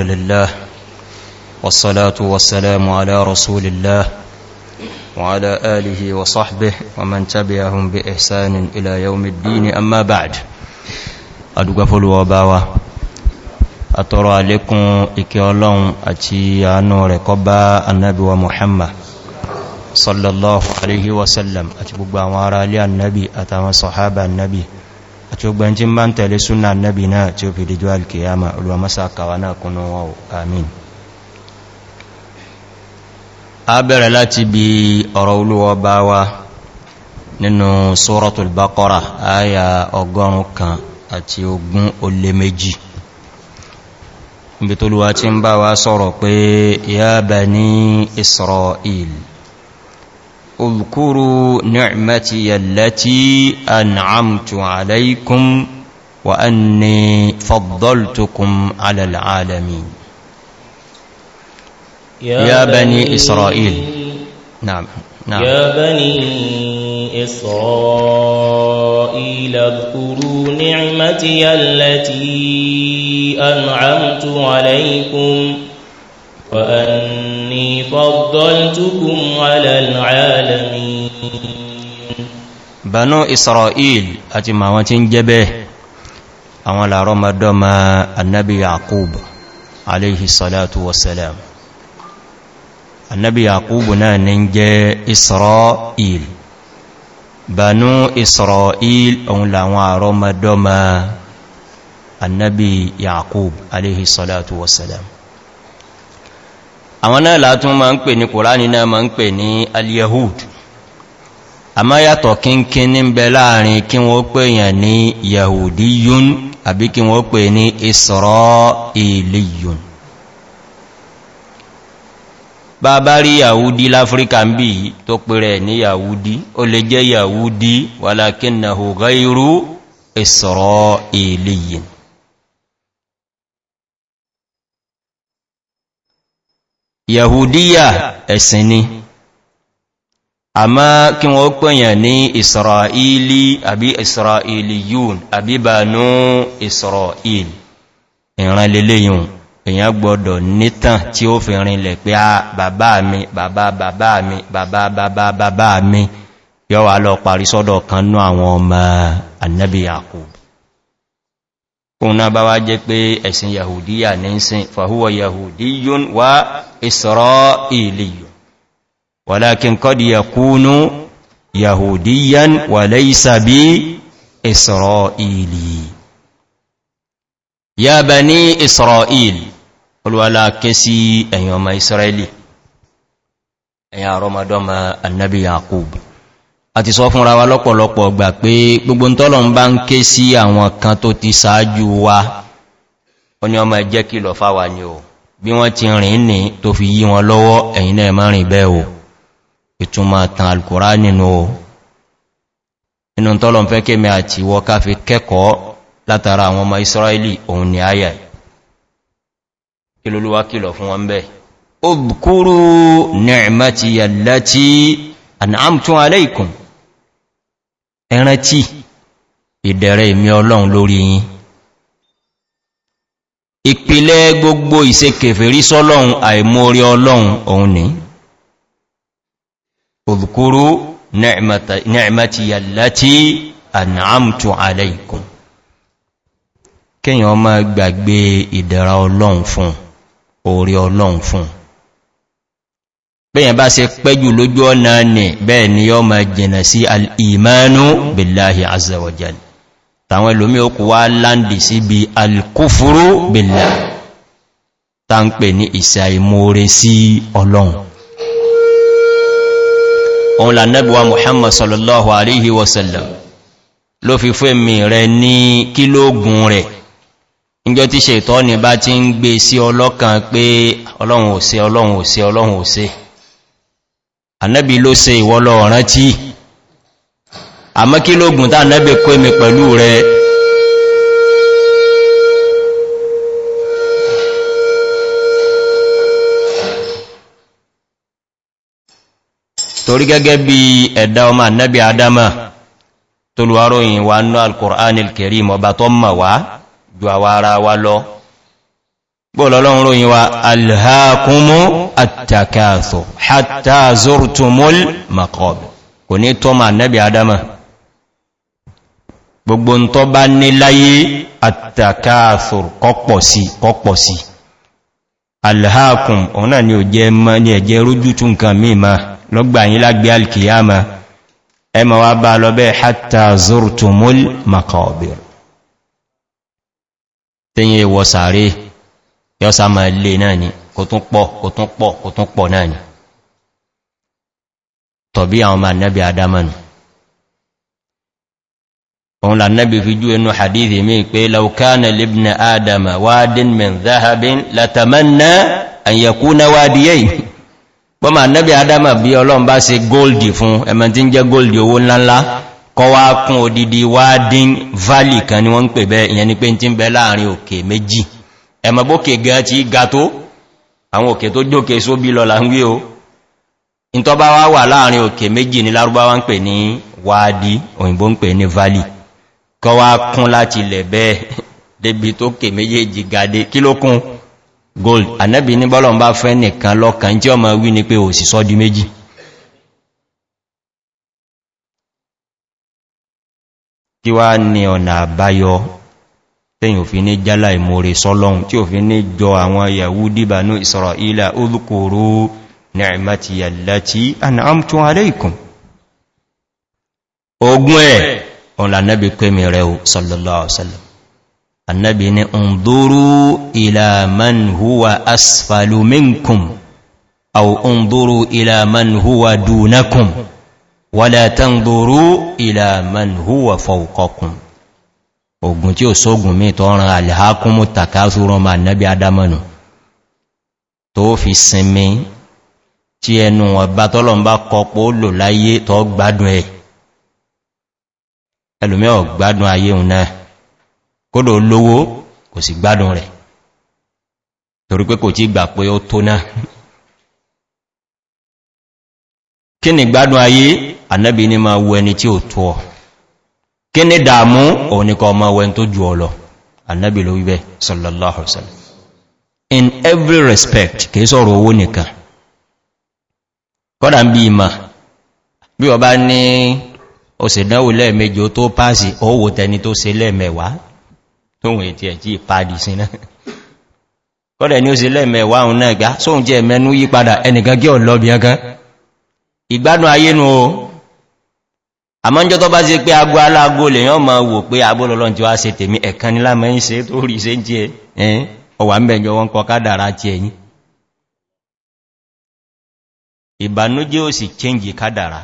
الحمد لله والصلاة والسلام على رسول الله وعلى آله وصحبه ومن تبعهم بإحسان إلى يوم الدين أما بعد أدقف الوباوة أترى عليكم إكيالون أتي عنه ركبا النبي ومحمد صلى الله عليه وسلم أتبقى لي النبي أتوى صحابة النبي àti ogbẹ̀n tí bá ń tẹ̀lé súnà nẹ́bì náà tí ó fi dìjọ́ alkiyama olùwàmásá kàwà náà kúnnà wọn amin a bẹ̀rẹ̀ láti bí ọ̀rọ̀ olúwọ bá wá nínú sórọ̀tul bakọ́ra ọgọ́rùn kan àti ogun olè méjì ibi tó lùwà tí ń bá wá sọ̀rọ̀ pé yá bẹ̀ ní israel اذكروا نعمتي التي أنعمت عليكم وأني فضلتكم على العالمين يا, يا بني إسرائيل نعم نعم يا بني إسرائيل اذكروا نعمتي التي أنعمت عليكم واني إني فضلتكم على العالمين بنو إسرائيل أتي ما وانتين جبه أولا رمضان النبي يعقوب عليه الصلاة والسلام annabi yaqubu náà ní jẹ́ israel banu israel òun làwọn àrọmọdọ́mọ annabi yaqub aléhìsọ́látù wasalam àwọn náà látún ma ń pè ní kòránì náà ma ń pè ní al-yahud a má yàtọ̀ kínkín ní bẹ láàrin kí wọ́n pè yàn ní yahudiyun àbí kí wọ́n pè ní israeliyun bá bá rí yahudi láfíríkà ń bí tó pèrè ní yahudi ó lè jẹ́ yahudi walakinnahu ghayru israeliyin yahudiya ẹ̀sìn ni a má kí wọ́n pẹ̀yàn ní israeli àbí israeli yun àbí bànú israel ìran lélẹ́yìn èyàn gbọdọ̀ nítàn tí ó fi rinlẹ̀ pé a ah, bàbá mi bàbá bàbá mi bàbá bàbá bàbá mi yọ́wà lọ parí sọ́dọ̀ kan ní àwọn ọmọ annabi yakub kùnà bá wá jẹ́ pé ẹ̀sìn yahudiya ní sin huwa yahudiyun wa isra'iliyu wàlákin qad yakunu yahudiyan wà laysa bí isra'ili ya bani isra'il qul olúwàlá ké sí ẹ̀yàn isra'ili ẹ̀yàn ramadama annabi yaqub àti sọ fúnra wa lọ́pọ̀lọpọ̀ gbà pé gbogbo tọ́lọ̀ ń bá ń ké sí àwọn kan tó ti sáájú wa oní ọmọ ẹjẹ́ kí lọ fáwà ní o bí wọ́n ti rìn ní tó fi yí wọn lọ́wọ́ ẹ̀yìn náà má rìn bẹ́ o ìtumà tàn alkùrá nínú o inú tọ́lọ̀ fẹ́ kéme àti wọ ká kẹ́kọ̀ọ́ látara àwọn ọmọ israeli òun ni àyà kí lolúwa ẹrántí ìdẹ̀rẹ̀ ìmí ọlọ́run lórí yìn ìpìlẹ̀ gbogbo ìse kèfèrí sọ́lọ́run àìmórí ọlọ́run òun ní òdùkúrú nẹ̀ẹ̀mẹ́tìyà láti ànàmtù aláìkùn kíyàn ọmọ gbàgbé ìdẹ̀ra ọlọ́run fún orí ọlọ́run fún un bẹ́yàn bá se pẹ́jù lójú ọ̀nà nì bẹ́ẹ̀ ni yọ́ ma jẹ̀nà sí al'imanu billahi azawajal tàwọn ilomi okù wá láńdì sí bí alkúfúrú billá ta ń pè ní ìsà ìmóre sí ọlọ́run ohun lànẹ́bùwa muhammad sallallahu alaihi wasallam ló fi fún mi rẹ ní kílógún rẹ̀ ìjọ tí ṣètọ́ ni bá ti ń gbé sí ọlọ́kan pé ọlọ́run ò sí ọlọ́run ò sí ọlọ́run ò sí annabi ló se ìwọ́lọ ọ̀rán tí àmọ́ kí lóògùn tá annabi kó mi pẹ̀lú rẹ torí gẹ́gẹ́ bí ẹ̀dá ọmọ annabi adama tó lùwáròyìn wa nú alkùnrin alkìrí mọ̀bá tó mọ̀ wá ju àwárá wa lọ bọ́ọ̀lọ́lọ́run ròyìn wa alhaakumu attakaso hatta zurtumul makob kò ní tó ma nẹ́bí adama gbogbo ń tọ́ bá ní láyé attakaso kọ́pọ̀ sí kọ́pọ̀ sí alhaakun ọ̀nà ni ò jẹ́ mọ́ ní ẹ̀jẹ́ rújú tún kan mímá lọ́gbà yí lágbé alkiyama ẹ ma wá bá lọ bẹ́ hatta zurtumul makobir tẹ́yẹ wọ sàárè yọ́ sá máa lè náà ni kò tún pọ̀ kò tún pọ̀ kò tún pọ̀ náà ni tọ̀bí àwọn ọmọ annabi adamanu òun la annabi fi jú inú hadithi mi pé laukana libna adama wadin min zahabin latamanna an yakuna wadiyai bọ́mà annabi adama bí ọlọ́run bá se goldi fún ẹmọ tí ń jẹ́ goldi owó ńláńlá kọ́ wá ẹ̀mọ̀gbókè gan ti ga tó àwọn òkè tó jókè sóbí lọ là ń wí o in tó bá wá wà láàrin òkè méjì ní lárúbáwá ń pè ní wáàdí òyìnbó ń pè ní valley kọ wá kún láti lẹ̀ bẹ́ẹ̀ débi tó kè méjèèjì gade kí ló kún gold anẹ́bì ní bọ́lọ̀ bá fẹ́ nìkan lọ́kàn tí ọmọ wí ni pé ò sì sọ́dí méjì kí wá ní ọ̀nà àbáyọ tẹ́yìn òfin ní jálà ìmòrè sọ́lọ́un tí òfin ní jọ àwọn yàwó dìbànú ìsọ̀rọ̀ ilẹ̀ olùkòrò ní àìmáti yàláti àna amtún aléìkùn ogun ẹ̀ ọ̀nà annabi pèmì rẹ̀ o sọ́lọ́lọ́ wàlá tán dúró ìlàmàn húwà fọ́ukọkùn ogun tí ó sógun mí tó ran alìhákúnmù takásúrán ma nábi adámọ̀nù tó fi sinmi tí ẹnu ọba tọ́lọ̀n bá kọpọ̀ ó lò láyé tó gbádùn ẹ̀ ẹlùmí ọ̀ gbádùn ayé òun náà kódò lówó kò sì gbádùn rẹ̀ torí pé kò tí gbà pé ó tó náà kí ni gbádùn ayé annabi ni ma wo ẹni tí ó tó ọ̀ kí ní dàmú òun ní kọ ọmọ wẹn tó jù ọlọ annabi ló wíbẹ̀ sallallahu alaihi wasallam in every respect kìí sọ̀rọ̀ owó nìkan kọ́dà ń bí ìmá bí ọ bá ní òsèdánwò lẹ́ẹ̀mejì ó tó pàásì owó tẹni tó se lẹ́ẹ̀mẹ̀wàá tóhun ètì ẹ̀ tí ìpàdì sí náà kọ́dẹ̀ ni ó se lẹ́ẹ̀mẹ̀wàá òun àmọ́njọ́ tó bá sí pé agbó aláàgbó lè yán ma wò pé agbólọ́lọ́n tí wá se tèmi ẹ̀kan nílá mẹ́ ń se tó rí se ń jẹ́ ẹ̀yìn ọwà ń bẹ̀jọ wọn kọ kádàrá ti ẹ̀yìn ìbànújẹ́ ò sì kéǹgì kádàrá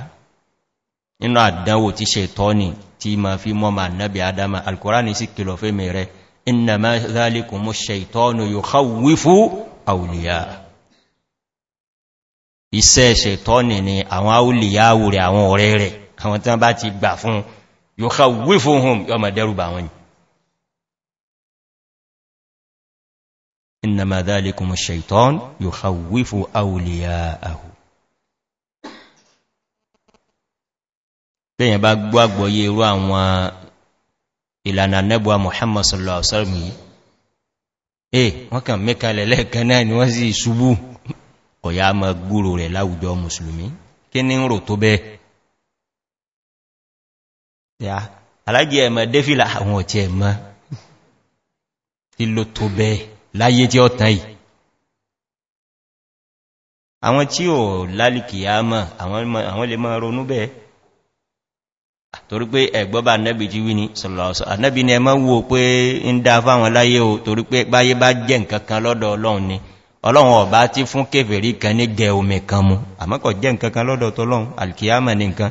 nínú àdánwò tí ṣe tọ́ni tí ma fi mọ́ ma nábi adama alkùránì sí kìlọ̀ fẹ́mi rẹ iná mẹ́zálìkùn mú ṣe ìtọ́nu yóò kọwí ni àwọn àwùlìyà wùrẹ̀ àwọn àwọn tán bá ti gbà fún yóò ká wí fún hùn yóò mọ̀ dẹ́rù bà wọn innama dhalikum shaitan yukhawwifu awliya'ahu tẹ́yìn bá gbọ́ àgbọ̀yé irú àwọn ìlànà nẹ́bùwa Muhammad sallallahu alaihi wasallam yìí eh wọ́n kàn mẹ́kànlẹ̀ lẹ́ẹ̀kan náà ni wọ́n sì ṣubú ọ̀yá ma gbúrò rẹ̀ kí ní ń rò tó bẹ́ẹ̀ alájẹ́ ẹ̀mọ̀ défìlà àwọn ọ̀tí ẹ̀mọ̀ tí ló tó bẹ́ẹ̀ láyé tí ó tán yìí àwọn tí ò lálìkì yá mọ̀ àwọn lè máa ronú bẹ́ẹ̀ torí pé ẹ̀gbọ́bà anẹ́bì ti wí ní sọ̀lọ̀ọ̀sọ̀ anẹ́bì ni ẹmọ́ wo pé ń dá fáwọn láyé o torí pé báyé bá jẹ́ nǹkan kan lọ́dọ̀ ọlọ́run ni ọlọ́run ọ̀bá tí fún kéfèrí kan ní gẹ omi kan mu àmọ́kọ̀ jẹ́ nǹkan kan lọ́dọ̀ tọ́lọ́run alkiyama ní nǹkan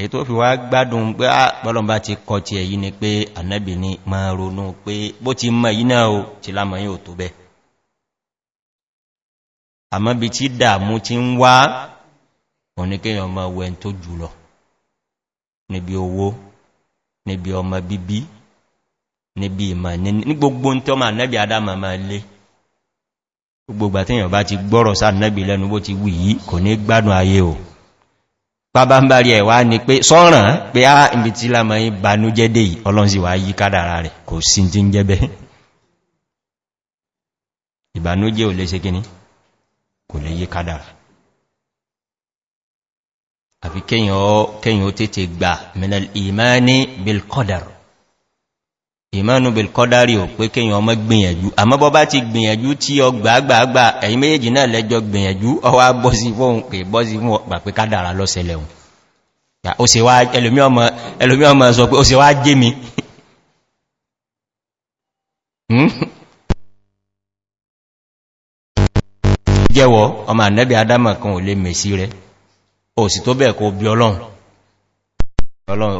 èyí tó fi wá gbádùn pé pọ́lọ̀mbá ah, ti kọ ti èyí ni pé ànẹ́bì ni ma ronú pé bó ti mọ̀ yí náà o ti lámọ̀ yí ò tó bẹ́ àmọ́ bí tí dàmú ti ń wá oníkéyàn ọmọ wẹn tó jùlọ níbi owó níbi ọmọ bíbí níbi ìmọ̀ ní gbogbo ti gbọ́rọ̀ sáà nẹ́bì lẹ́nu bó ti wù yí kò ní gbádùn ayé o pàbámbàrí ẹ̀wà ni pé sọ́ràn pé á ah, ibi tí lámọ̀ yí banújẹ́dẹ̀ yìí ọlọ́nsíwà yí kádàrà rẹ̀ kò sí tí ń jẹ́bẹ̀ ìbànújẹ́ ò lè ṣe kíní kò lè yí kádàrà àfi kéyàn ó tètè gbà mìnà ìmáni bilkọ́dàrù ìmánu bil kọ́dárì ò pé kíyàn ọmọ gbìyànjú àmọ́ bọ́ bá ti gbìyànjú tí ọ gbàgbàgbà ẹ̀yìn méjèèjì náà lẹ́jọ gbìyànjú ọwá bọ́sí fóhun pé bọ́sí fún ọ̀pà pé kádàrà lọ́sẹlẹ̀ ọlọ́run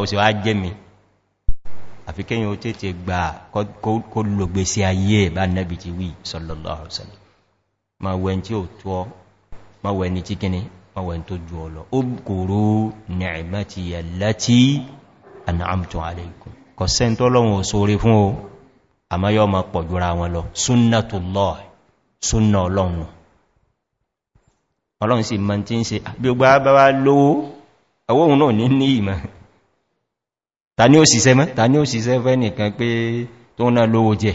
ó sì wá jẹ́ mi àfi kíyàn ó tètè gbà kó lògbé sí ayé bá nẹ́bì ti wí sallallahu ala'uwa ma wẹ́ tí ó tó ma wẹ́ ní tíkíní ma wẹ́ tó jù ọlọ ó kòrò nìrìmẹ́tì yẹ̀lẹ́tì ànàmtùn àríkùn kọ̀ sẹ́ntọ́ lówó ọwọ́ òun náà ní ní ìmọ̀ ta ní òṣìṣẹ́ mọ́ ta ní òṣìṣẹ́ fẹ́ nìkan pé tó náà lówó jẹ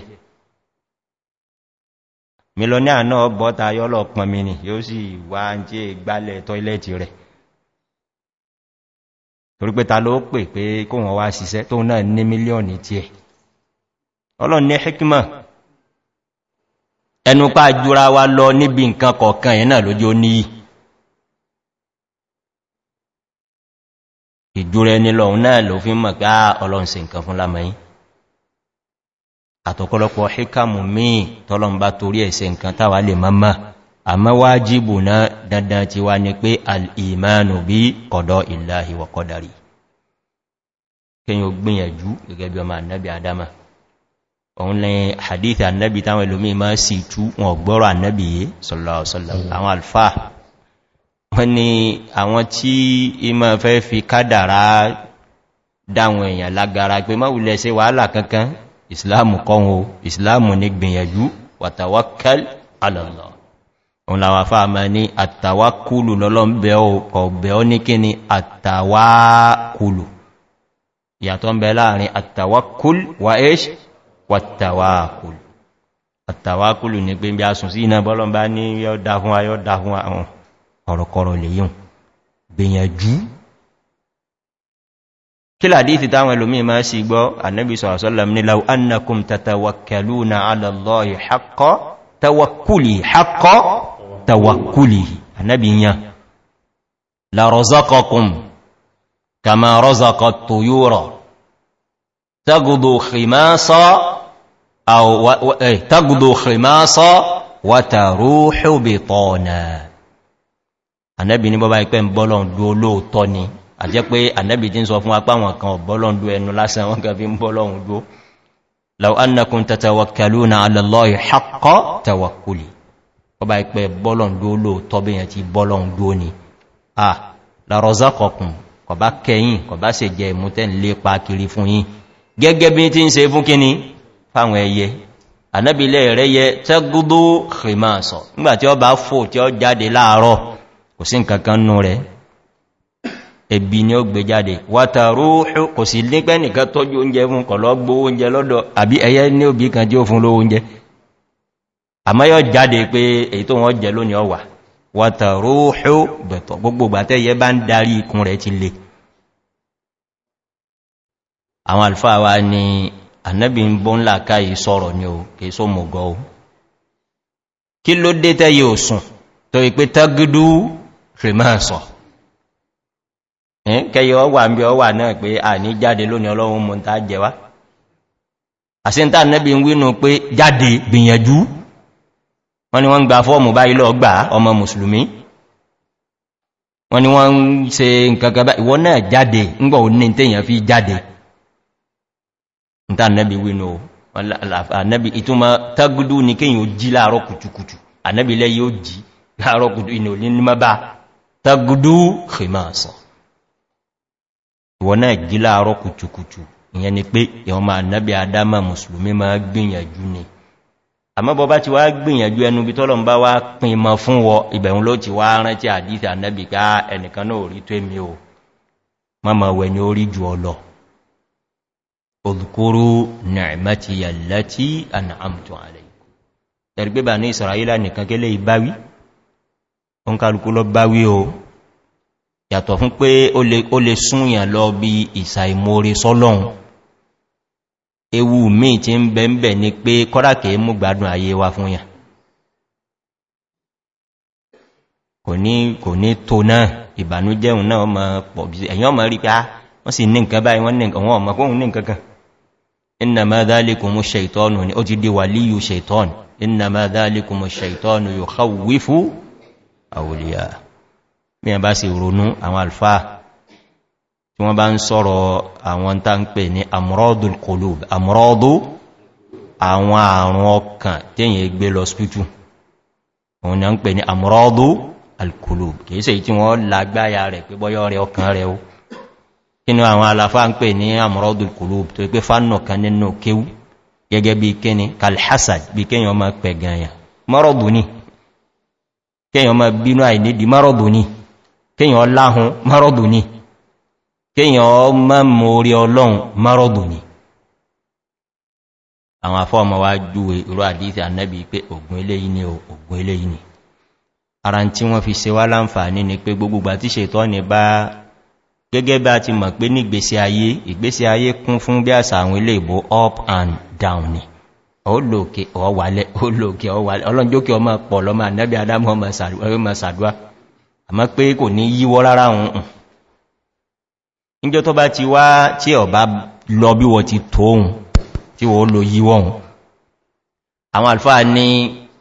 mílọ́ní àná bọ́ta yọ́lọ̀ pọnmi ni yóò sì wá ń jẹ́ ìgbálẹ̀ tọ́ilẹ̀tì rẹ̀ torí pé ta ló pè pé kó wọ́n wá ṣiṣẹ́ tó náà ní mílíọ̀nì tí ẹ̀ ọlọ́ ní hikima ẹnupá jura wa lọ níbi nǹkan kọ̀ọ̀kan yẹn náà lójú ó níyìí ìjúra ẹni lọ́un náà ló fi mọ̀ pé ah, ọlọ́run se nǹkan fún lámọ́yìn àtọ̀kọ́lọpọ̀ híkàmù míì tọ́lọ́n bá torí ẹ̀sẹ̀ nǹkan táwà lè mọ́mọ́ àmọ́ wá jíbù náà dandan ti wá ní pé al'imánu bí kọ̀dọ̀ ìlàhì wọ̀kọ́dàrí adama òun lẹ́yìn hadith annabi táwọn ẹlòmí máa sì tú wọn gbọ́rọ̀ annabi yé wọ́n ni àwọn tí ìmọ̀ fẹ́ fi kádàrá dáwọn èèyàn lágara pé máa wùlẹ̀ sí wàhálà kankan islamu kọ́hun o islamu ní gbìyànjú wàtàwákẹ́l alọ́lọ́ òun làwà fáàmà ní àtàwákúlù lọ́lọ́ àtàwákùlù ní pé bí a sùn sí iná bọ́lọ́mbá ní yọ́ dáhùn ayọ́ dáhùn àwọn kọ̀rọ̀kọ̀rọ̀ lèyàn gbìyànjú kí làdíìtì táwọn ẹlòmí máa sì gbọ́ annabi sọ̀rọ̀sọ́lọ̀m ní lau annakum tatawakkaluna alallahi haqqo tawakkuli haqqo annabi yan la rozakakum kama rozaka tuyura tagudu khimasa aw tagudu khimasa wa taruhu bitana ànẹ́bì ní bọ́bá ipẹ́ ń bọ́lọ̀ndú olóòtọ́ ni a jẹ́ pé ànẹ́bì tí ń sọ fún apá wọn kan bọ́lọ̀ndú ẹnu lásán wọn kan fi ń bọ́lọ̀ndú lau annakun tatawakkalu na alallọ́yì haqqọ́ tawakuli bọ́bá ipẹ́ bọ́lọ̀ndú olóòtọ́ bí yẹn ti bọ́lọ̀ndú ni a larọ́zakọkùn kọba kẹyìn kọba se jẹ ìmútẹ́ lè pa kiri fún yìí gẹ́gẹ́ bí tí kò sí nǹkan kan nú rẹ̀ ẹ̀bì ni ó gbé jáde wata rúúhù kò sí nípẹ́ nìkan tọ́jú oúnjẹ fún kọ̀lọ́gbó oúnjẹ lọ́dọ̀ àbí ẹyẹ ní òbí kan jí ó fún lówó oúnjẹ àmáyọ̀ jáde pé èyí tó wọ́n jẹ lónìí ọwà wata bẹ̀tọ̀ gbogbo gbàtẹ́yẹ bá ń darí ikun rẹ̀ ti le àwọn alfáà wa ni annabi ń bó ńlá káyí sọ́rọ̀ ni o kìí só mọ̀gọ́ kìrìmáàsọ̀ kẹyọ wà ń bí ọ wà náà pé a ní jáde lónìí ọlọ́run mọ̀ tá jẹwa àsíntà nẹ́bí ń wínú pé jáde gbìyànjú wọ́n ni wọ́n gba fọ́ọ̀mù bá ilọ́ gbà ọmọ mùsùlùmí wọ́n ni wọ́n se nkankan bá ìwọ́n náà jáde ńgbọ̀ fi jáde níta nẹ́bí wínú anẹ́bí ìtumọ̀ tágúdú ní kíyàn ó jí láàárọ̀ kùtùkùtù anẹ́bí lẹ́ yóò jí láàárọ̀ kùtù ìnà bá tagudú kìmáàsọ̀ ìwọ̀n náà jí láàárọ̀ kùtùkùtù ìyẹn ni pé ìwọ̀n máa nábi adama musulmi máa gbìyànjú ni àmọ́bọ̀ bá ti wá gbìyànjú ẹnu bí tọ́lọ̀ bá wá pin mọ fún wọ ìbẹ̀rún ló ti wá rántí àdíta nábi ká ah, ẹnìkan náà rí tó òun kálukú lọ bá wí o yàtọ̀ fún pé ó lè súnyàn lọ bí ìsà ìmóre sọ́lọ́un ewu míì tí ń bẹ̀ ń bẹ̀ ni pé kọ́dàkẹ́ mú gbádùn ayé wa fún yàn kò ní kò ní tó náà ìbànújẹ́un náà ọmọ pọ̀ ẹ̀yàn ọmọ rí pé á ah, wọ́n sì ní nǹkan báyìí wọ́n ní nǹkan wọ́n ọmọ kóhun ní nǹkan kan iná máa dálékùnmù ṣeìtọ́nù ni ó ti di wà líyù ṣeìtọ́nù iná máa dálékùnmù ṣeìtọ́nù yóò àwòlíyà bí a bá sì ronú àwọn alfa tí wọ́n bá ń sọ́rọ̀ àwọn tá ń pè ní àmúrọ́dù kòlò àmúrọ́dù àwọn àrùn ọkàn tẹ́yìn gbé lọ spítù òun ni a ń pè ní àmúrọ́dù alkòlò kìí sẹ́yí tí wọ́n lágbáyà rẹ̀ pé bọ́yọ́ rẹ̀ ọkàn rẹ̀ o kínú àwọn aláfá ń pè ní àmúrọ́dù kòlò tó pé fánà kan nínú kéwú gẹ́gẹ́ bí kíni kalhassad bí kíyàn ọmọ pẹ̀gànyà mọ́rọ̀dù ni kéèyàn ma bínú àìnídi márọ̀bù ní kéèyàn láhun márọ̀bù ní kéèyàn ma mọ̀ orí ọlọ́run márọ̀bù ní àwọn afọ́ọ̀mọ̀ wá júwe irú àdíṣẹ́ annabi pé ogun eléyìí ni ogun eléyìí ni ara tí wọ́n fi se wá láǹfààní ni pé gbogbogbà tí ṣètọ́ ni bá gẹ́gẹ́ bá ti mọ̀ pé ní ìgbésí ayé ìgbésí ayé kún fún bí àṣà àwọn ilé ìbò up and down ni olóòkè ọwàlẹ̀ olóòkè ọwàlẹ̀ ọlọ́njókè ọmọ pọ̀ lọ́mọ ànẹ́bí adámọ́ ọmọ sàdúwà àmá pé kò ní yíwọ́ rárá ohun níjọ́ tó bá ti wá tí ọba lọ bí wọ́n ti tó ohun tí wọ́n lo yíwọ́ ohun àwọn alfáà ní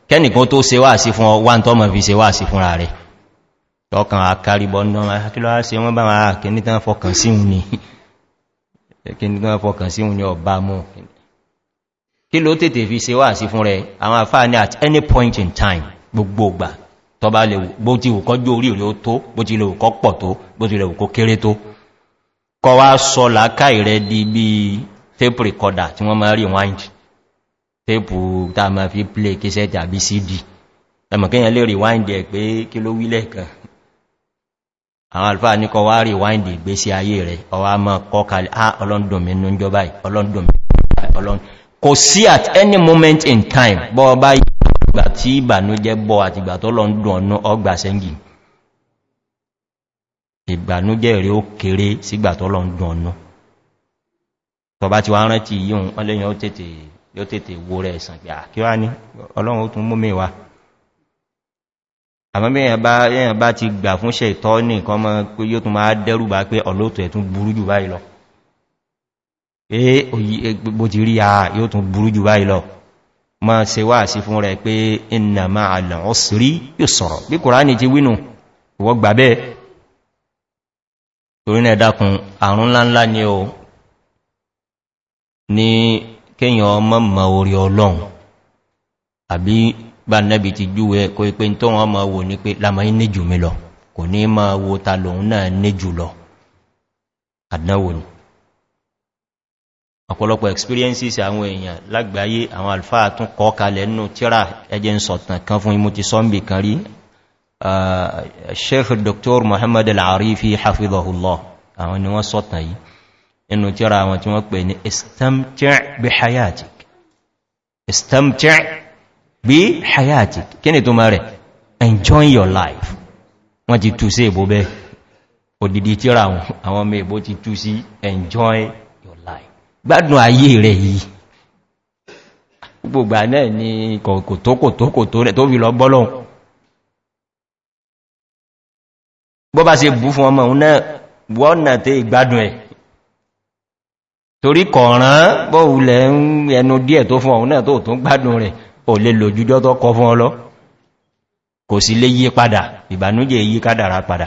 kẹ́nìkan tó se wá sí fún ọ wá ń tọ́mọ̀ fi sí fúnra rẹ̀ ọba ah, ah, mọ́ kí ló tètè fi ṣe wà sí fún rẹ̀ àwọn àfáà ní at any point in time gbogbo gbà tó bá lè bó ti wù kọ́ jó orí rí ó tó bó ti lè wù kọ́ pọ̀ tó bó ti lè wù kó kéré tó kọ wá sọ làákà ìrẹ́ di bí tape recorder tí wọ́n máa rí tape tá ma fi play kéṣẹ́ tàbí cd ẹmọ̀kẹ́yàn lè rí wind ẹ̀ pé kí ló wílẹ̀ kan àwọn alfáà ní kọ wá rí wind ìgbésí ayé rẹ̀ ọwá mọ́ kọ́kàlẹ̀ ah, ọlọ́ndùnmí ní ọlọ́ndùnmí ọlọ́ndùnmí kò sí at any moment in time bọ́ ọba ìgbà tí ìbànújẹ́ bọ́ àti ìgbà tó lọ ń dùn ọ̀nà ọgbà sẹ́ngì ìbànújẹ́ rí ó kéré sígbà tó lọ ń dùn ọ̀nà tọba ti wá rántí yíò wọ́n lẹ́yìn ó tètè wo rẹ̀ ẹ̀sàn pé àkí wá ní ọlọ́run ó tún mú mi wá àmọ́ bí èèyàn bá ti gbà fún ṣe ìtọ́ ní nǹkan mọ́ pé yóò tún máa dẹ́rù bá pé ọlọ́tọ̀ ẹ̀ tún burú jù báyìí lọ pé e, bó ti rí a yóò tún burú jù báyìí lọ ma se wá sí fún rẹ̀ pé iná ma àlà ọ́sìrí yóò sọ̀rọ̀ bí kòránì ti wínú ìwọ́ gbà bẹ́ẹ̀ torí náà dákun àrùn ńláńlá ni o ní kíyàn ọmọ mọ̀ orí ọlọ́run àbí bá nẹ́bì ti júwẹ́ kó ipé tó wọ́n ma wò ní pé lámà ní jù mí lọ kò ní ma wo ta lòun náà ní jù lọ àdánwò ni ọ̀pọ̀lọpọ̀ experiences àwọn èèyàn lágbàáyé àwọn alfáà tún kọ́ kalẹ̀ nínú tíra ẹjẹ́ ń sọ̀tàn kan fún imú ti sọ́mbì kan rí ah, sheikh dr mohamed al-arifi hafizahullah àwọn ni wọ́n sọ̀tàn yìí enjoy your life wọ́n ti tú sí ìbò bẹ́ òdìdí tíra àwọn enjoy gbádùn ayé rẹ̀ yìí gbogbo náà ni kòtókòtókòtó rẹ̀ tó fi lọ bọ́lọ̀ bọ́ bá se bú fún ọmọ òun náà wọ́nà tẹ́ ìgbádùn ẹ̀ torí kọ̀rán bọ́ ulẹ̀ ẹnu díẹ̀ tó fún ọ̀hun náà tó tún gbádùn rẹ̀ ò lè lò jújọ́ tó kọ fún ọlọ́ kò sí lé yí padà ìbànújẹ́ yí kádàrá padà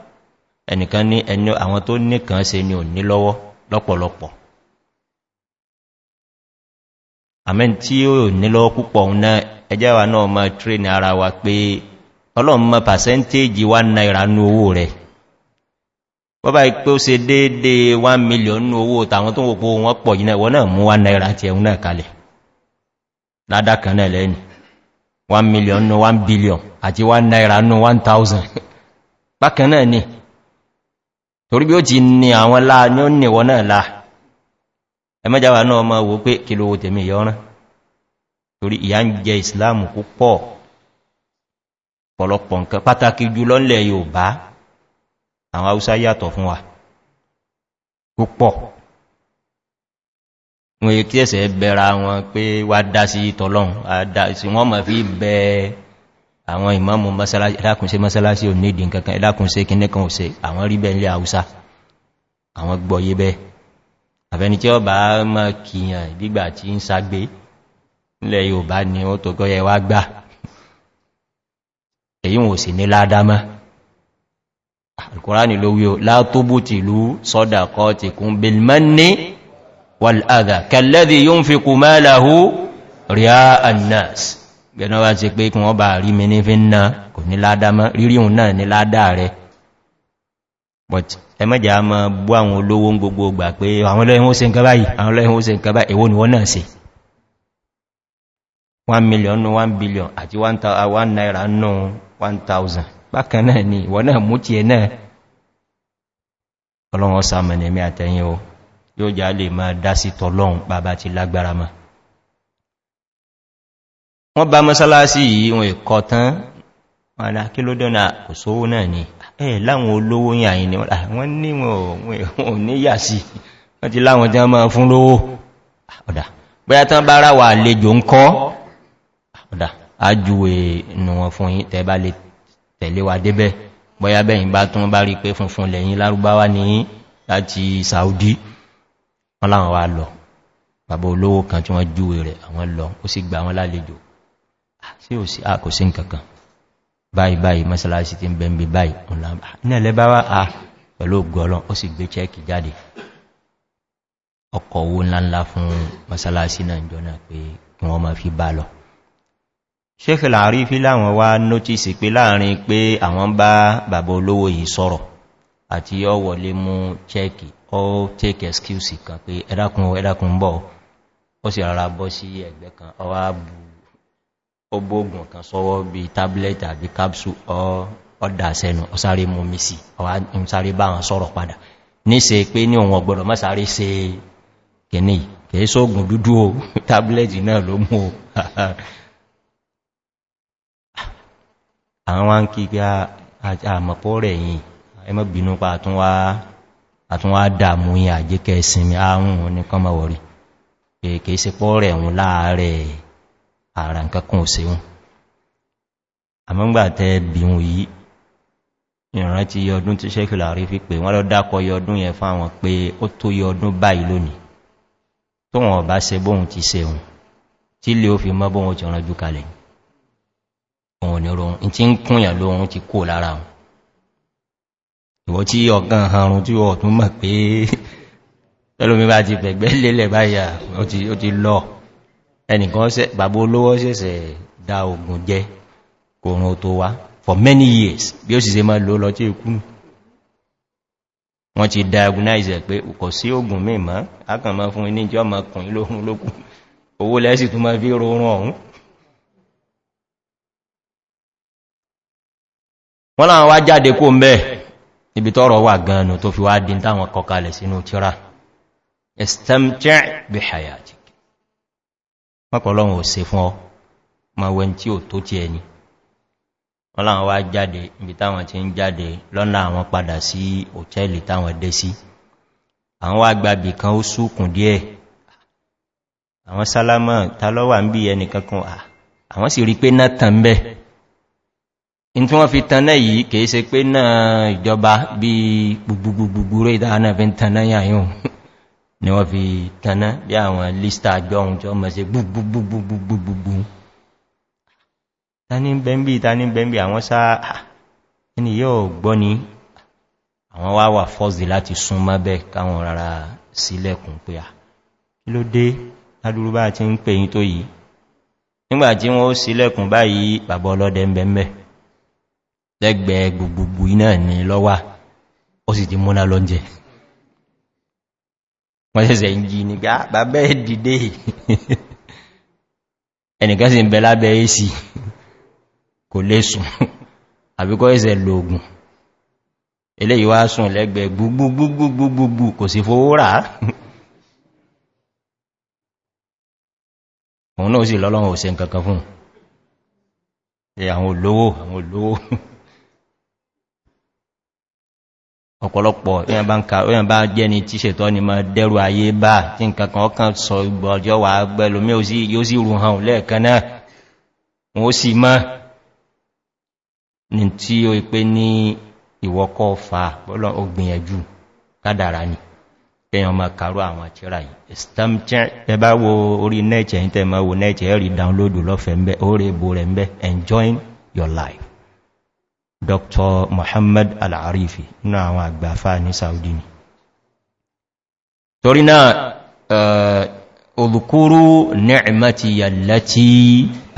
ẹnìkan ní ẹni àwọn tó nìkan se ni ò ní lọ́wọ́ lọ́pọ̀lọpọ̀ àmẹ́n tí ó ní lọ́wọ́ púpọ̀ ọ̀nà ẹjáwà náà ma tré ní ara wa pé ọlọ́mọ pàṣẹ́ntéèjì wá náírà ní owó rẹ̀ bọ́bá ipé ó se déédé 1 million ní owó tàwọn tó wòpó wọn pọ̀ yìí náà náà mú 1 náírà ti ẹ̀hún náà kalẹ̀ ládàkan náà lẹ́ni 1 million ní 1 billion àti 1 náírà ní 1000 bákan náà ni torí bí ó ti ní àwọn láà ní ó ní wọ́n náà láà ẹmọ́jáwà náà ọmọ wò pé kí ló wo tèmi yọ́rán torí ìyá ń jẹ ìsìláàmù púpọ̀ pọ̀lọpọ̀ nǹkan pàtàkì jù lọ́nlẹ̀ yóò àwọn haúsá yàtọ̀ fún wa púpọ̀ wọ́n yìí kí ẹ̀sẹ̀ bẹ̀rẹ̀ wọn pé wá dá sí tọ́lọ́run àdá sí wọ́n mọ̀ fi bẹ̀ẹ́ àwọn ìmọ́mù ẹ̀dàkùnṣe mọ́sálásí ò nídìí kankan ẹ̀dàkùnṣe kìnnì kan ò se àwọn rí bẹ́ẹ̀lẹ̀ àwúsá àwọn gbọ́yé bẹ́ àfẹni tí ó bá mọ́ kìyàn dígbà tí ń sagbé nílẹ̀ yóòbá ni ó tó gọ́yẹ wá gbà èyí wò sí ní ládámá alkùránì ló wí o látóbù ti lú sọ́dà kọ́ ti kún bilmanni wàl'adà kẹlẹ́dì yóò fi kù mẹ́lẹ̀ hù rí gbẹ̀nà wá ti pé kún ọba rí mi ní fi ń náà kò ní ládámá rírí òun náà ní ládá rẹ̀ but ẹmọ́jà ma bú àwọn olówó ń gbogbo gbà pé àwọn lọ́yìn se ń kábáyì àwọn se ń kábáyì èwo ni wọ́n se million 1 billion àti 1 uh, naira nù 1000 bákan náà ni ìwọ náà mú ti ẹ náà ọlọ́run ọsàmọ̀ nẹ̀mí àtẹ́yìn o yóò já lè máa dá sí tọ́lọ́run bàbá ti lágbára máa wọ́n bá mọ́sálásí yìí wọn ìkọ̀ tán wọ́nà kí ló dọ́nà kò sówó náà ni ẹ̀ láwọn olówó yàyìn ni ah, wọ́n ní wọn ní yà sí wọ́n ti láwọn jẹ́ máa fún lówó ah, ọ̀dà bóyá tán bá ráwà àlejò ń kọ́ ah, ọ̀dà ájúwe nù wọn fún yí tẹ́bá lè tẹ̀lé wa débẹ̀ bóyá bẹ́yìn bá tún bá rí pé funfun lẹ́yìn lárúbáwá ní láti saudi wọ́n láwọn wa lọ bàbá olówó kan tí wọ́n júwe rẹ̀ àwọn lọ ó sì gbà wọn lálejò sí ò sí àkò sí nkankan báyìí báyìí mọ́sálásí ti ń bẹ̀ ń bí báyìí ọ̀làmà ní ẹ̀lẹ́bá wá à pẹ̀lú ògùọlọ́n ó sì gbé chẹ́ẹ̀kì jáde ọkọ̀ owó ńláńlá fún mọ́sálásí náà jọ náà pé kí wọ́n máa fi bá lọ ṣéfì láàrin fi láwọn wá nótìsì pé láàrin pé àwọn bá bàbá olówó yìí ó sì rárá bọ́ sí ẹ̀gbẹ́ kan ọwá bùú ogbógun kan sọ́wọ́ bí tábílẹ̀tì àbí capsù ọ̀dà sẹ́nu ọ̀sáré mú mi sí ọ̀sáré bá wọn sọ́rọ̀ padà ní se pé ní ohun ọgbọ̀dọ̀ mọ́sáré se kìíní kìí sóògùn dúdú o tábílẹ̀tì náà ló mú o àwọn wá ń kí àmọ̀pọ̀ rẹ̀ yìí ẹmọ́ bínú pa àtúnwá dàmú yìí àjẹ́kẹ́ ìsinmi ààrùn oníkan mọ̀wọ̀rí kìí se pọ́ rẹ̀ ń láàárẹ̀ ààrà nǹkan kún òsè wọn àmọ́gbà tẹ́ bíun yìí ìrántí ọdún tí sẹ́kìlà rí fi pé wọ́n lọ dákọ̀ yọdún yẹn fáwọn pé ó tó yọdún báyìí lónìí tó wọn bá se bóhun ti se òun tí lè ó fi mọ́ bóhun ti ránjú kalẹ̀ òun ni rohun in ti ń kúnyà lóhun ti kó lára òun ìwọ́ tí ọ̀gán harun bá ti pẹ̀gbẹ́ lélẹ̀ báyà ó ti lọ́ọ̀ ẹnìkan ṣe bàbá olówó ṣẹ̀ṣẹ̀ dá ogun jẹ kòrò tó wá for many years bí ó sì se máa lò lọ tí ikú wọ́n ti diagnose pé kò sí ogun mímọ̀ akàn fún iní jọ kùn ilóhun lókù owó lẹ́sì tó máa fi rọrùn ọ̀hún wọ́n láwọn wá jáde ibi tọ́rọ wà gan-an tó fi wá dín táwọn kọkalẹ̀ sínú tíra mọ́pọ̀lọ́wọ̀n ò se fún ọ ma wẹn tí ò tó ti ẹni wọ́n láwọn wá jáde ibi táwọn ti ń jáde lọ́nà àwọn padà sí òtẹ́lì táwọn dé sí àwọn wá gbàbì kan ó súnkùn díẹ̀ àwọn sálámọ̀ tálọ́wà ń bí ẹnì kankan àwọn sì rí pé náà tàn bẹ́ẹ̀ in tí wọ́n fi tanná yìí kìí se pé náà ìjọba bí gbogbogbogbogbò rẹ̀ ìdáhánà fi ń tanná yà yóò ni wọ́n fi kaná bí àwọn lísta jọun tí ó mọ̀ sí gbogbogbogbogbogbogbogbo tani bẹ́m̀bí tani bẹ́m̀bí àwọn sáà ẹni yóò gbọ́ ni àwọn wá wà fọ́sì láti sún mọ́bẹ̀ káwọn rárá sílẹ̀kùn pé à kí ló dé ládúrúbá ti ń pè yí tó yìí nígbàtí wọ́n ó sílẹ̀kùn báyìí bàbá ọlọ́dẹ mẹ́mẹ́ lẹ́gbẹ̀ẹ́ gbogbogbò iná ní lọ́wà ó sì ti múná lọ́njẹ́ wọ́n sẹ́sẹ̀ ń jí ní gbá bàbẹ́ ìdìdé ẹnìkan sì ń bẹ lábẹ́ èsì kò lè sùn àbíkọ́ ẹsẹ̀ lògùn eléyìí wá sùn lẹ́gbẹ̀ gbogbogbogbogbogbo kò sí fowó rà òun náà sì lọ́lọ́run ò se nkankan fún àwọn olówó àwọn olówó ọ̀pọ̀lọpọ̀ èyàn bá jẹ́ ni tí ṣètọ́ ni ma dẹ́rù ayé bá tí n kankan kan sọ ìgbọ̀jọ́ wà gbẹ̀lómí yóò sì rù hàn lẹ́ẹ̀kan náà wọ́n ó sì mọ́ ní tí ó ipé ní ìwọ́kọ́ fa bọ́lọ̀ ogbìyànjú kádàrà ni pẹ́yàn ma kàrọ àwọn àtíra yìí ẹbá wo orí nẹ́ẹ̀kẹ́ yìí tẹ́ ma wo nẹ́ẹ̀kẹ́ rí download lọ́fẹ̀ẹ́ enjoying your life dr mohamed al'arifi ní àwọn àgbàfà ní saudi ni torí náà olùkúrú eh, ni'imati yallati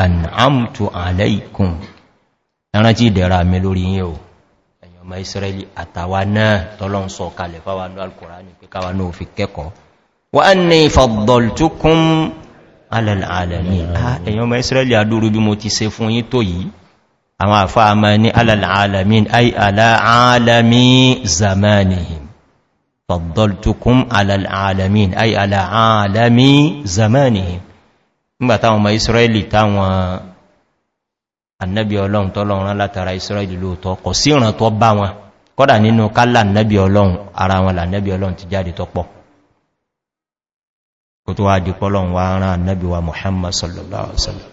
an'amtu alaikun ẹranti dẹ̀ra mi lórí yíò ẹ̀yàn ọmọ israeli àtàwà náà tọ́lọ́n sọ kalẹ̀ fáwà ní alkùnrin pé káwà náà fi kẹ́kọ̀ọ́ wọ́n ní fàdọ̀ltukún alàlàní àwọn àfáàmà ní alàlàálàmín ay alàálàmí zamanihim fọ̀dọ̀ltukún alàlàálàmín ay alàálàmí zamanihim nígbà táwọn ọmọ israeli táwọn annabi ọlọ́run tọ́lọ́run látara israeli lóòtọ́ kọ̀ sí ìràn tó bá wọn kọ́dà nínú kálà annabi ọlọ́run ara wọn lànàbí ọlọ́run ti jáde tọ́pọ̀ kò tó wá dípọ́lọ́run wá rán annabi wa muhammad sallallahu alaihi wasallam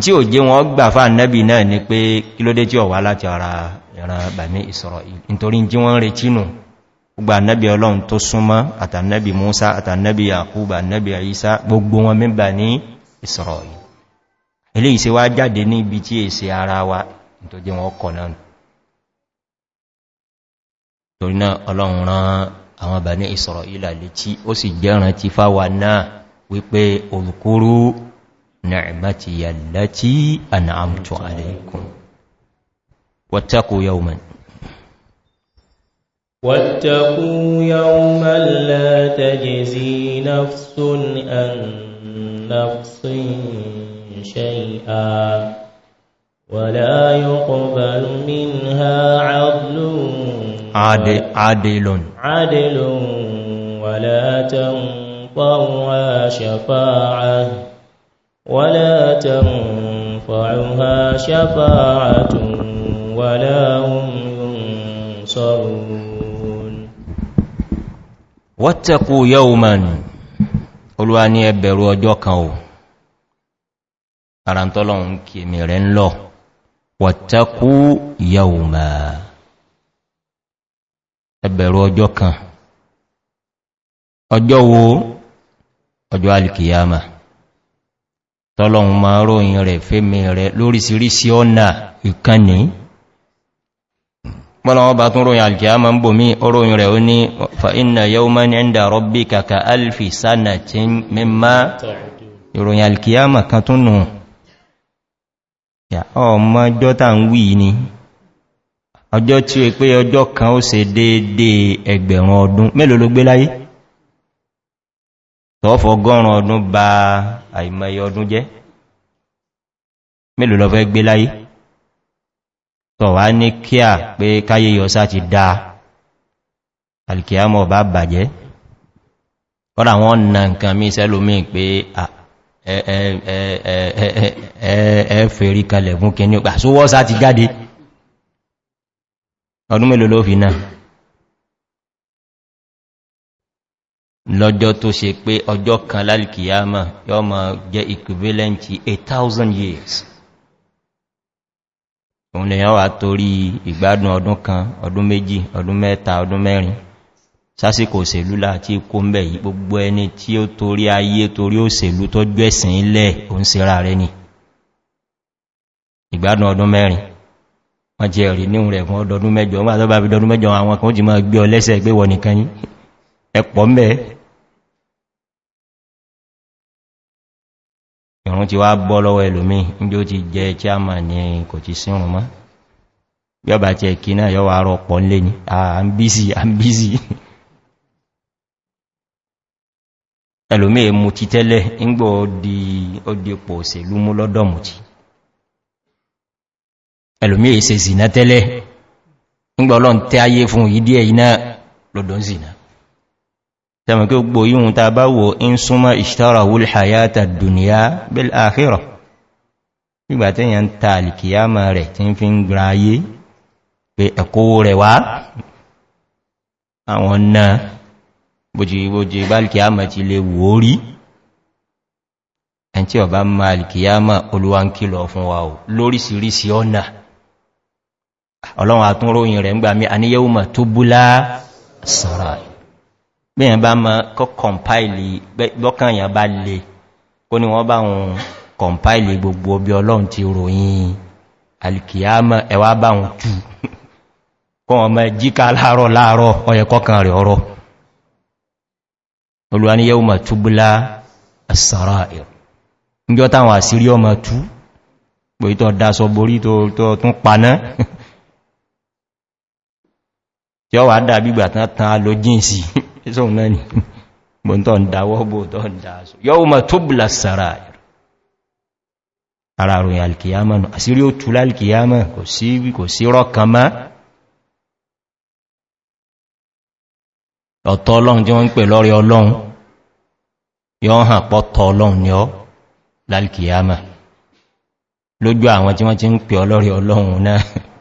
tí ò jẹ́ wọn gbà fà nẹ́bì náà ni pé kí ló dé tí ó wá láti ara ìran bàní ìsọ̀rọ̀ìlì nítorí jí wọ́n retí nù gbà nẹ́bì ọlọ́run tó súnmọ́ àtànẹ́bì musa àtànẹ́bì àkúbà nẹ́bì àyíṣá gbogbo wọn mẹ́bà ní ìsọ̀rọ̀ìlì ilé ìṣẹ́ wá jáde ní ibi tí èsì ara wa tó jẹ́ wọn kọ̀ náà torí náà نعمتي التي أنعمت عليكم واتقوا يوما واتقوا يوما لا تجزي نفس عن نفس شيئا ولا يقبل منها عدل عدل عدل, ولا تنطوى شفاعه ولا تنفعها شفاعة ولا هم ينصرون واتقوا يوما olúwa ní ẹbẹ̀rù ọjọ́ kan ò ara tọ́lọ̀un kí èmì rẹ̀ ń lọ wàtàkú yaùmá ẹbẹ̀rù ọjọ́ kan ọjọ́ wo ọjọ́ alìkìyàmá tọ́lọ̀un oh, ma ròyìn rẹ̀ fẹ́mì rẹ̀ lórísìírísí ọ̀nà ìkànnì mọ́lọ́wọ́ bá tún ròyìn alkiyar ma ń bò mí ọròyìn rẹ̀ ó ní fa'ina yau ma ní ẹ̀ndà rọ́bí kàkà alfi sánà tí mímá ìròyìn alkiyar ma kan tún nù ọmọjọ́ ta ń wí ni ọjọ́ tọ́fọ́ gọ́rùn ọdún bá àìmọ̀yẹ ọdún jẹ́ mélòó lọ́fẹ́ gbé láyé tọ̀wá ní kíà pé káyé yọsá ti dá alkiyamọ̀ bá bàjẹ́ kọ́dà wọ́n na nǹkan mí sẹ́lómí pé ẹ fèrí kalẹ̀ fún kẹni ọdún mélòó ló náà lọ́jọ́ tó ṣe pé ọjọ́ kan lálìkìyàmà yọ ma jẹ́ equivalent 8,000 years òun lè yán wà torí ìgbádùn ọdún kan ọdún méjì ọdún mẹ́ta ọdún mẹ́rin sásìkò òṣèlú láti kó mẹ́ yí gbogbo ẹni tí ó torí ayé torí òṣèlú tó gbẹ̀sìn ilẹ̀ òun síra rẹ ni ìgbádùn ọdún mẹ́rin wọ́n jẹ́ rí níhun rẹ̀ fún ọdọdún mẹ́jọ wọ́n bá tọ́bàbí ọdún mẹ́jọ àwọn kan ó jì máa gbé ọ lẹ́sẹ̀ gbé wọ nìkan yìí ẹ̀pọ̀ mẹ́ ìrún ti wá bọ́ lọ́wọ́ ẹlòmí ní ó ti jẹ tí a mà ní kò ti sírùn mọ́ yọba ti ẹ̀kí náà rọ pọ̀ ń lè ní àmbízi àmbízi ẹlòmí ti tẹ́lẹ̀ ńgbọ́ ó di pò òsèlú mú lọ́dọ̀ tẹ́mọ̀ kí ó gbò yíò ta bá wò in súnmọ́ ìṣtara wul hayata duniya bil akhira nígbà tí yẹn ta alìkìyàmà rẹ̀ tí ń fi ń gra ayé pé ẹ̀kọ́ rẹ̀ wá àwọn náà bójìbójì bá alìkìyàmà ti lè wò rí ẹn tí ọba ma alìkìyàmà olúwa ń kìlọ̀ fún wa bẹ́yàn bá ma kọ́ kọmpáìlì gbọ́kànyà bá lè kó ní wọ́n bá wọn kọmpáìlì gbogbo ọbí ọlọ́run ti ròyìn alìkìyàmọ́ ẹwà bá wọn jù kọ́ wọn mẹ́ jíká láàrọ̀ láàrọ̀ ọyẹ kọ́kàn rẹ̀ ọrọ̀ olúwa ní yẹ́wùmọ̀ túbúlá àsàrà ìsọ̀n náà ni mo tọ́ ń dáwọ́ bó tọ́ ń dá aṣọ yọ́ ma tó bùlá sára ara ròyìn alkiyama nù àsírí ó tú lálkiyama kò sí wí kò sí rọ́kan má ọ̀tọ́ ọlọ́run tí wọ́n ń pè lọ́rí ọlọ́run yọ́ hàn pọ́ ọlọ́run ni ọ́ lálkiyama lójú àwọn tí wọ́n ti ń pè ọlọ́rí ọlọ́run náà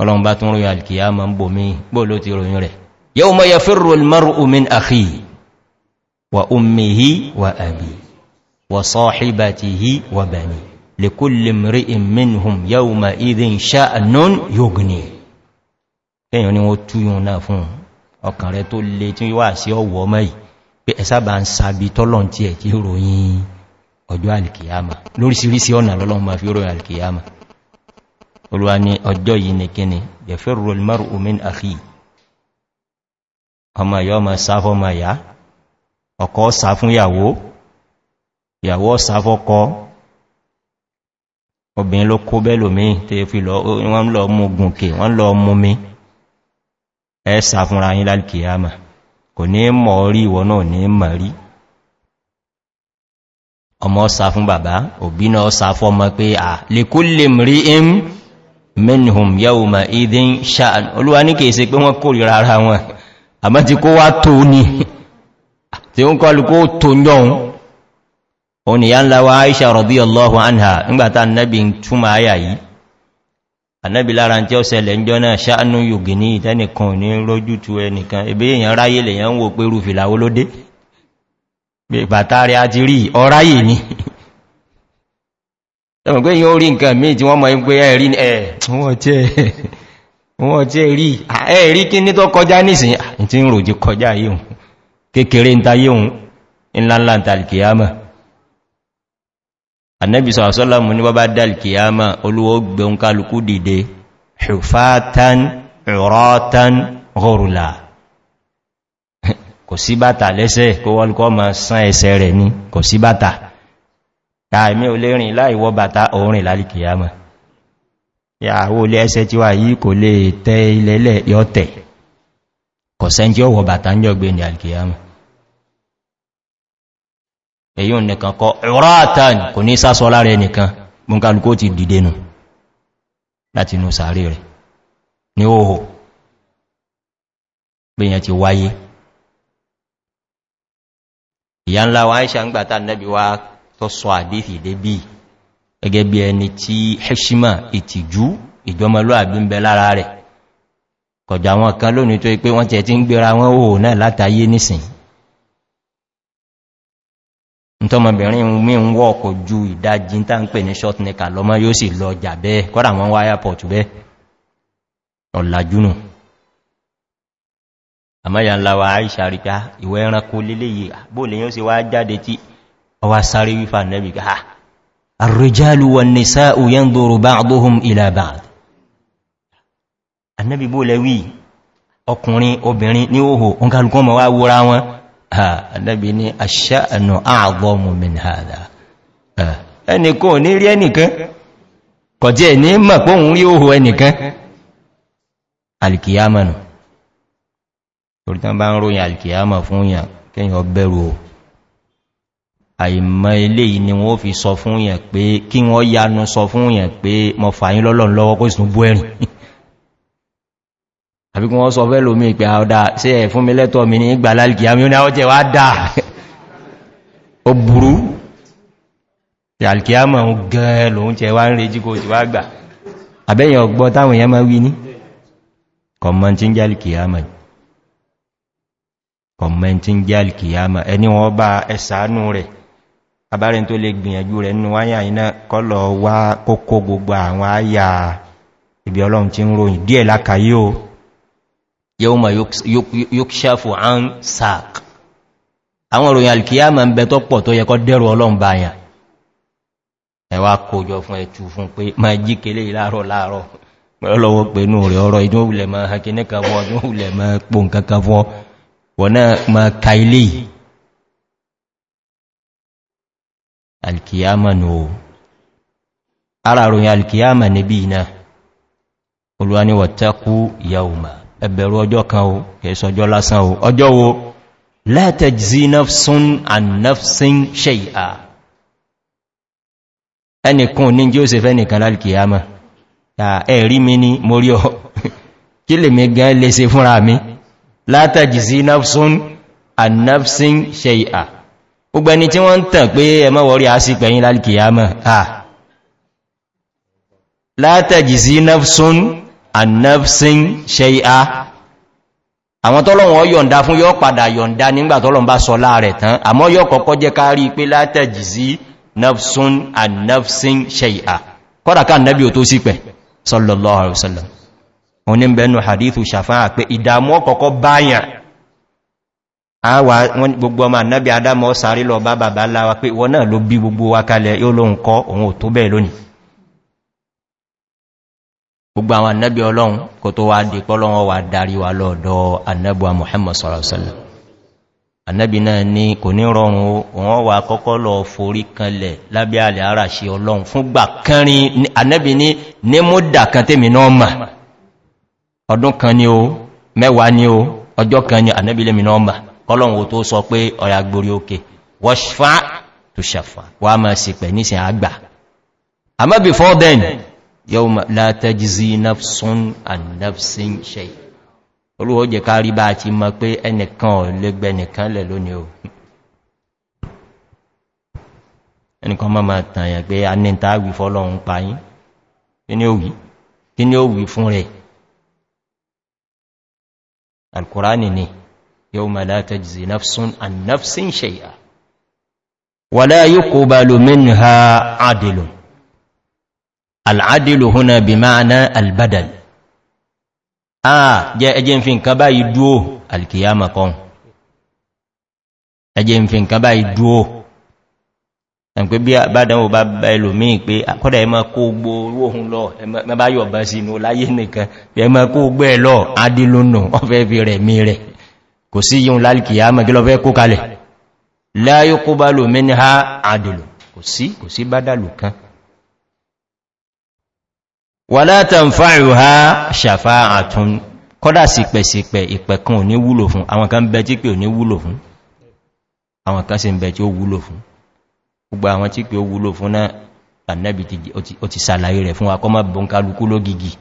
ọlọ́run bá tún ròyìn alkiyá ma ń bò mí bó ló ti ròyìn rẹ̀ yóò mọ́ yẹ fírò mọ́rù omin àkí wà omihi wà àbí wà sọ́ọ̀hìbàtìhí wà bẹ̀ni lè kú lè mrí ìmìnhùn yóò ma ìdín ṣáànún yógni èyàn ni wọ́n túyùn náà fún ọkàn rẹ̀ tó lè tí wà sí ọwọ́ mẹ́yì pé ẹ̀sá bá ń sàbí tọ́lọ̀n tí ẹ̀ tí ròyìn ọjọ́ alkiyama lóríṣiríṣi ọ̀nà lọ́lọ́run ma fi ròyìn alkiyama olúwa ní ọjọ́ yìí ní kíni yẹ̀fẹ́ rolmaru omen ahi ọmọ ìyá ọmọ sáfọ́mọ ìyá ọkọ̀ sá fún ìyàwó ìyàwó sáfọ́kọ obìnrin ló kó bẹ́lòmí tí fi lọ wọ́n lọ mú gùnkè wọ́n lọ mú mi ẹ sáfúnra yín lálkìyàmà kò ní mọ̀ orí ìwọ náà ní mọ̀ rí ọmọ sá fún bàbá òbí náà sá fọ́ pé à lè kó lè mrí minhum yawma idin sha'an olúwa ní kìí ṣe pé wọ́n kórìíra ara wọn àmá ti kó wá tó ní tí ó ń kọlu kó tó yọ́un o ni ya ń aisha radiyallahu anha nígbàtà annabi ń túnmà ayà yìí annabi lára tí ó sẹlẹ̀ ń jọna sha'anu yugini tẹ́nìkan ní rójú tu ẹnìkan ibi èèyàn ráyè lèyàn wò pé rúfìlà olóde bàtà rẹ̀ àti rí ọráyè ni ẹmọ̀ pé yíó rí nǹkan míì tí wọ́n mọ̀ pé ẹ̀rí ẹ̀ wọ́n jẹ́ rí ẹ̀rí kí ní tó kọjá nìsìn tí ń ròjì kọjá yíò kékeré ń ta yíò ńláńlá tàlìkìyàmà annabi sọ̀rọ̀sọ́lọ́mù ní bọ́bá dàlìkìyàmà olúwó gbẹun kálukú dìde ṣùfátán ìrọ́tán rọrùlà kò sí bàtà lẹ́sẹ̀ kó wọ́n kọ́ ma àìmí o rìn láìwọ bàtà òórìn lálìkìyàmọ̀ yàwó olè ẹsẹ tí wà yìí kò lè tẹ ilẹ̀lẹ̀ yọ́tẹ̀ kọ̀sẹ́njí ọwọ̀ bàtà ń jọ gbé ní alìkìyàmọ̀ èyí nìkan kọ ìrọ́tàn kò ní sásọ n'ikan. nìkan gbọ́nkálukó ti dìde láti inú sàárè rẹ̀ ní òhò ti wáyé ìyá ńlá wa aisha ń gbàtà nẹ́bí wa tó sọ àdífì débí gẹ́gẹ́ bí ẹni tí hẹ́ṣímà ìtìjú ìjọmọlú àbímbẹ lára rẹ̀ kọjá wọn kan lónìí tó pé wọ́n tẹ̀ tí ń gbéra wọn òhò náà látàyé nìsìn ntọ́mọbìnrin mi ń wọ́ ọkọ̀ ju ìdájí tá ń pè ní short necker lọ́mọ yóò sì lọ jà bẹ́ẹ̀ kọ́dà wọn wáyà pọ̀ tù bẹ́ẹ̀ ọ̀làjúnù àmáyà ńlá wa àìṣàríká ah, ìwẹ́ ẹranko lélẹ́yìí bóòlẹ́yìn ó sì wá jáde tí ọwá sáré wífà nẹ́bì gáà àrùjálù wọn ni sáàù yẹn dòrò bá àdóhùn ìlàbà annabi bó lẹ́wì ọkùnrin obìnrin ní òhò oǹkàlùkún ma wá wúra wọn annabi ni aṣáànù àgbọ́mù min hada ẹnìkan ò ní rí ẹnìkan kọ̀tí ẹ̀ ní mọ̀ pọ́hùn rí òhò ẹnìkan alkiyama nù torítán bá ń ròyìn alkiyama fún yàn kẹ́yìn ọbẹ̀rù ohun àìmọ̀ ilé yìí ni wọ́n fi sọ fún yẹn pé kí wọ́n yanu sọ fún yẹn pé mọ̀ fàyín lọ́lọ́n lọ́wọ́ kó sùn bú ẹ̀rìn àbí kí wọ́n sọ fẹ́ lómi pé àọ́dá sí ẹ̀ fún mi lẹ́tọ̀ mi ní ìgbà lálìkì àmì oní àwọ́jẹ́ wá ẹni wọ́n bá ẹ̀sánú rẹ̀ àbárin tó lè gbìyànjú rẹ̀ nínú wáyà iná kọ́lọ̀ wá kókó gbogbo àwọn àyà ibi ọlọ́run ti ń ròyìn díẹ̀ lákàáyé o yóò mọ̀ yókṣàfò án sàk àwọn òròyìn alkiyá ma ń bẹ tó pọ̀ tó yẹ kọ́ dẹ́rù ọlọ́run báyà ẹwà kójọ alkiyama nù o ara ròyìn alkiyama níbi iná olúwa ni wọ̀tẹ́kú yauma ẹbẹ̀rù ọjọ́ kan o kẹsọ ọjọ́ lásán o ọjọ́ wo látẹ̀jì nafsun and nafsin ṣe'a ẹnìkan ní jí ó se fẹ́ nìkan lálkiyama ẹ̀rí mi ni mo rí ọ kí lè mi gan lè se fúnra mi látẹ̀jì nafsun and nafsin gbogbo ẹni tí wọ́n ń tàn pé ẹmọ́ wọ́rí a sí pẹ̀yìn lálìkìyàmọ̀ à látẹ̀jì sí nafsun annafsin ṣe'a àwọn tọ́lọ̀wọ̀n yọ̀nda fún yọ́ padà yọ̀nda nígbà tọ́lọ̀n bá sọ láàrẹ̀ tán àmọ́ yọ́ kọ̀kọ́ jẹ́ kárí pé látẹ̀jì sí nafsun annafsin ṣe'a kọ́dàká nẹ́bí ò tó àwà wa gbogbo ọmọ ànábí adámọ́ sàárí lọ bá bàbá láwá pé wọ́n náà ló bí gbogbo wa kalẹ̀ yóò lóhun kọ́ òun ò tó bẹ́ẹ̀ lónìí gbogbo àwọn ànábí ọlọ́run kò tó wá dì pọ́lọ́wọ́ wà darí wa lọ́ọ̀dọ́ ànábí wa muhammad sọ̀rọ̀sọ̀lọ̀ ànábí náà ni kò ní rọrùn wọn wà kọ́kọ́ lọ forí kanlẹ̀ lábẹ́ àlẹ́ o mẹ́wàá ni o ọjọ́ kan ni ànábí lèmi náà mà kọ́lọ̀wò tó sọ pé ọ̀yà gborí òkè wọ́ṣfà tó ṣàfà wà máa sì pẹ̀ nísìn àgbà àmọ́ before then yóò látẹ́jìzí nafsun and nafsin ṣe olúwọ́ jẹ ká rí bá ti mọ́ pé ẹnìkan ò lè gbẹnìkan lẹ̀ lónìí o ẹnìkan mọ́ máa tàyà pé a ni يوم لا تجزي نفس عن نفس شيئا ولا يقبل منها عدل العدل هنا بمعنى البدل آه جاء جين في انكبا يدوه الكيامة قوم ẹjẹ́ ìfẹ́ nǹkan báyìí dúó ẹ̀pẹ́ bí àbádánwò bá bá ẹlòmíì pé àkọ́dà ẹmọ kó gbó ohun lọ ẹmọ bá yọ̀ bá sínú láyé nìkan ẹmọ kó gbẹ́ lọ adìlónà ọ̀fẹ́ fi rẹ̀ mí rẹ̀ kò sí yíò lálìkìyà mẹ́gílọ́fẹ́ kó kalẹ̀ láyé kó bá lò mẹ́ni ha àdìlò kò sí kò sí bá dàlù kan wà látàn fáàrù ha ṣàfá àtún kọ́dà sí pẹ̀sípẹ̀ ìpẹ̀kan ò ní wúlò fún àwọn kan bẹ tí pé ò ní wúlò fún àwọn kan sì ń bẹ tí ó wúlò fún gbogbo àwọn tí pé ó wúlò fún náà ànẹ́bì ó ti sàlàyé rẹ̀ fún akọ́mọ̀ bọ́nkálukú lógigi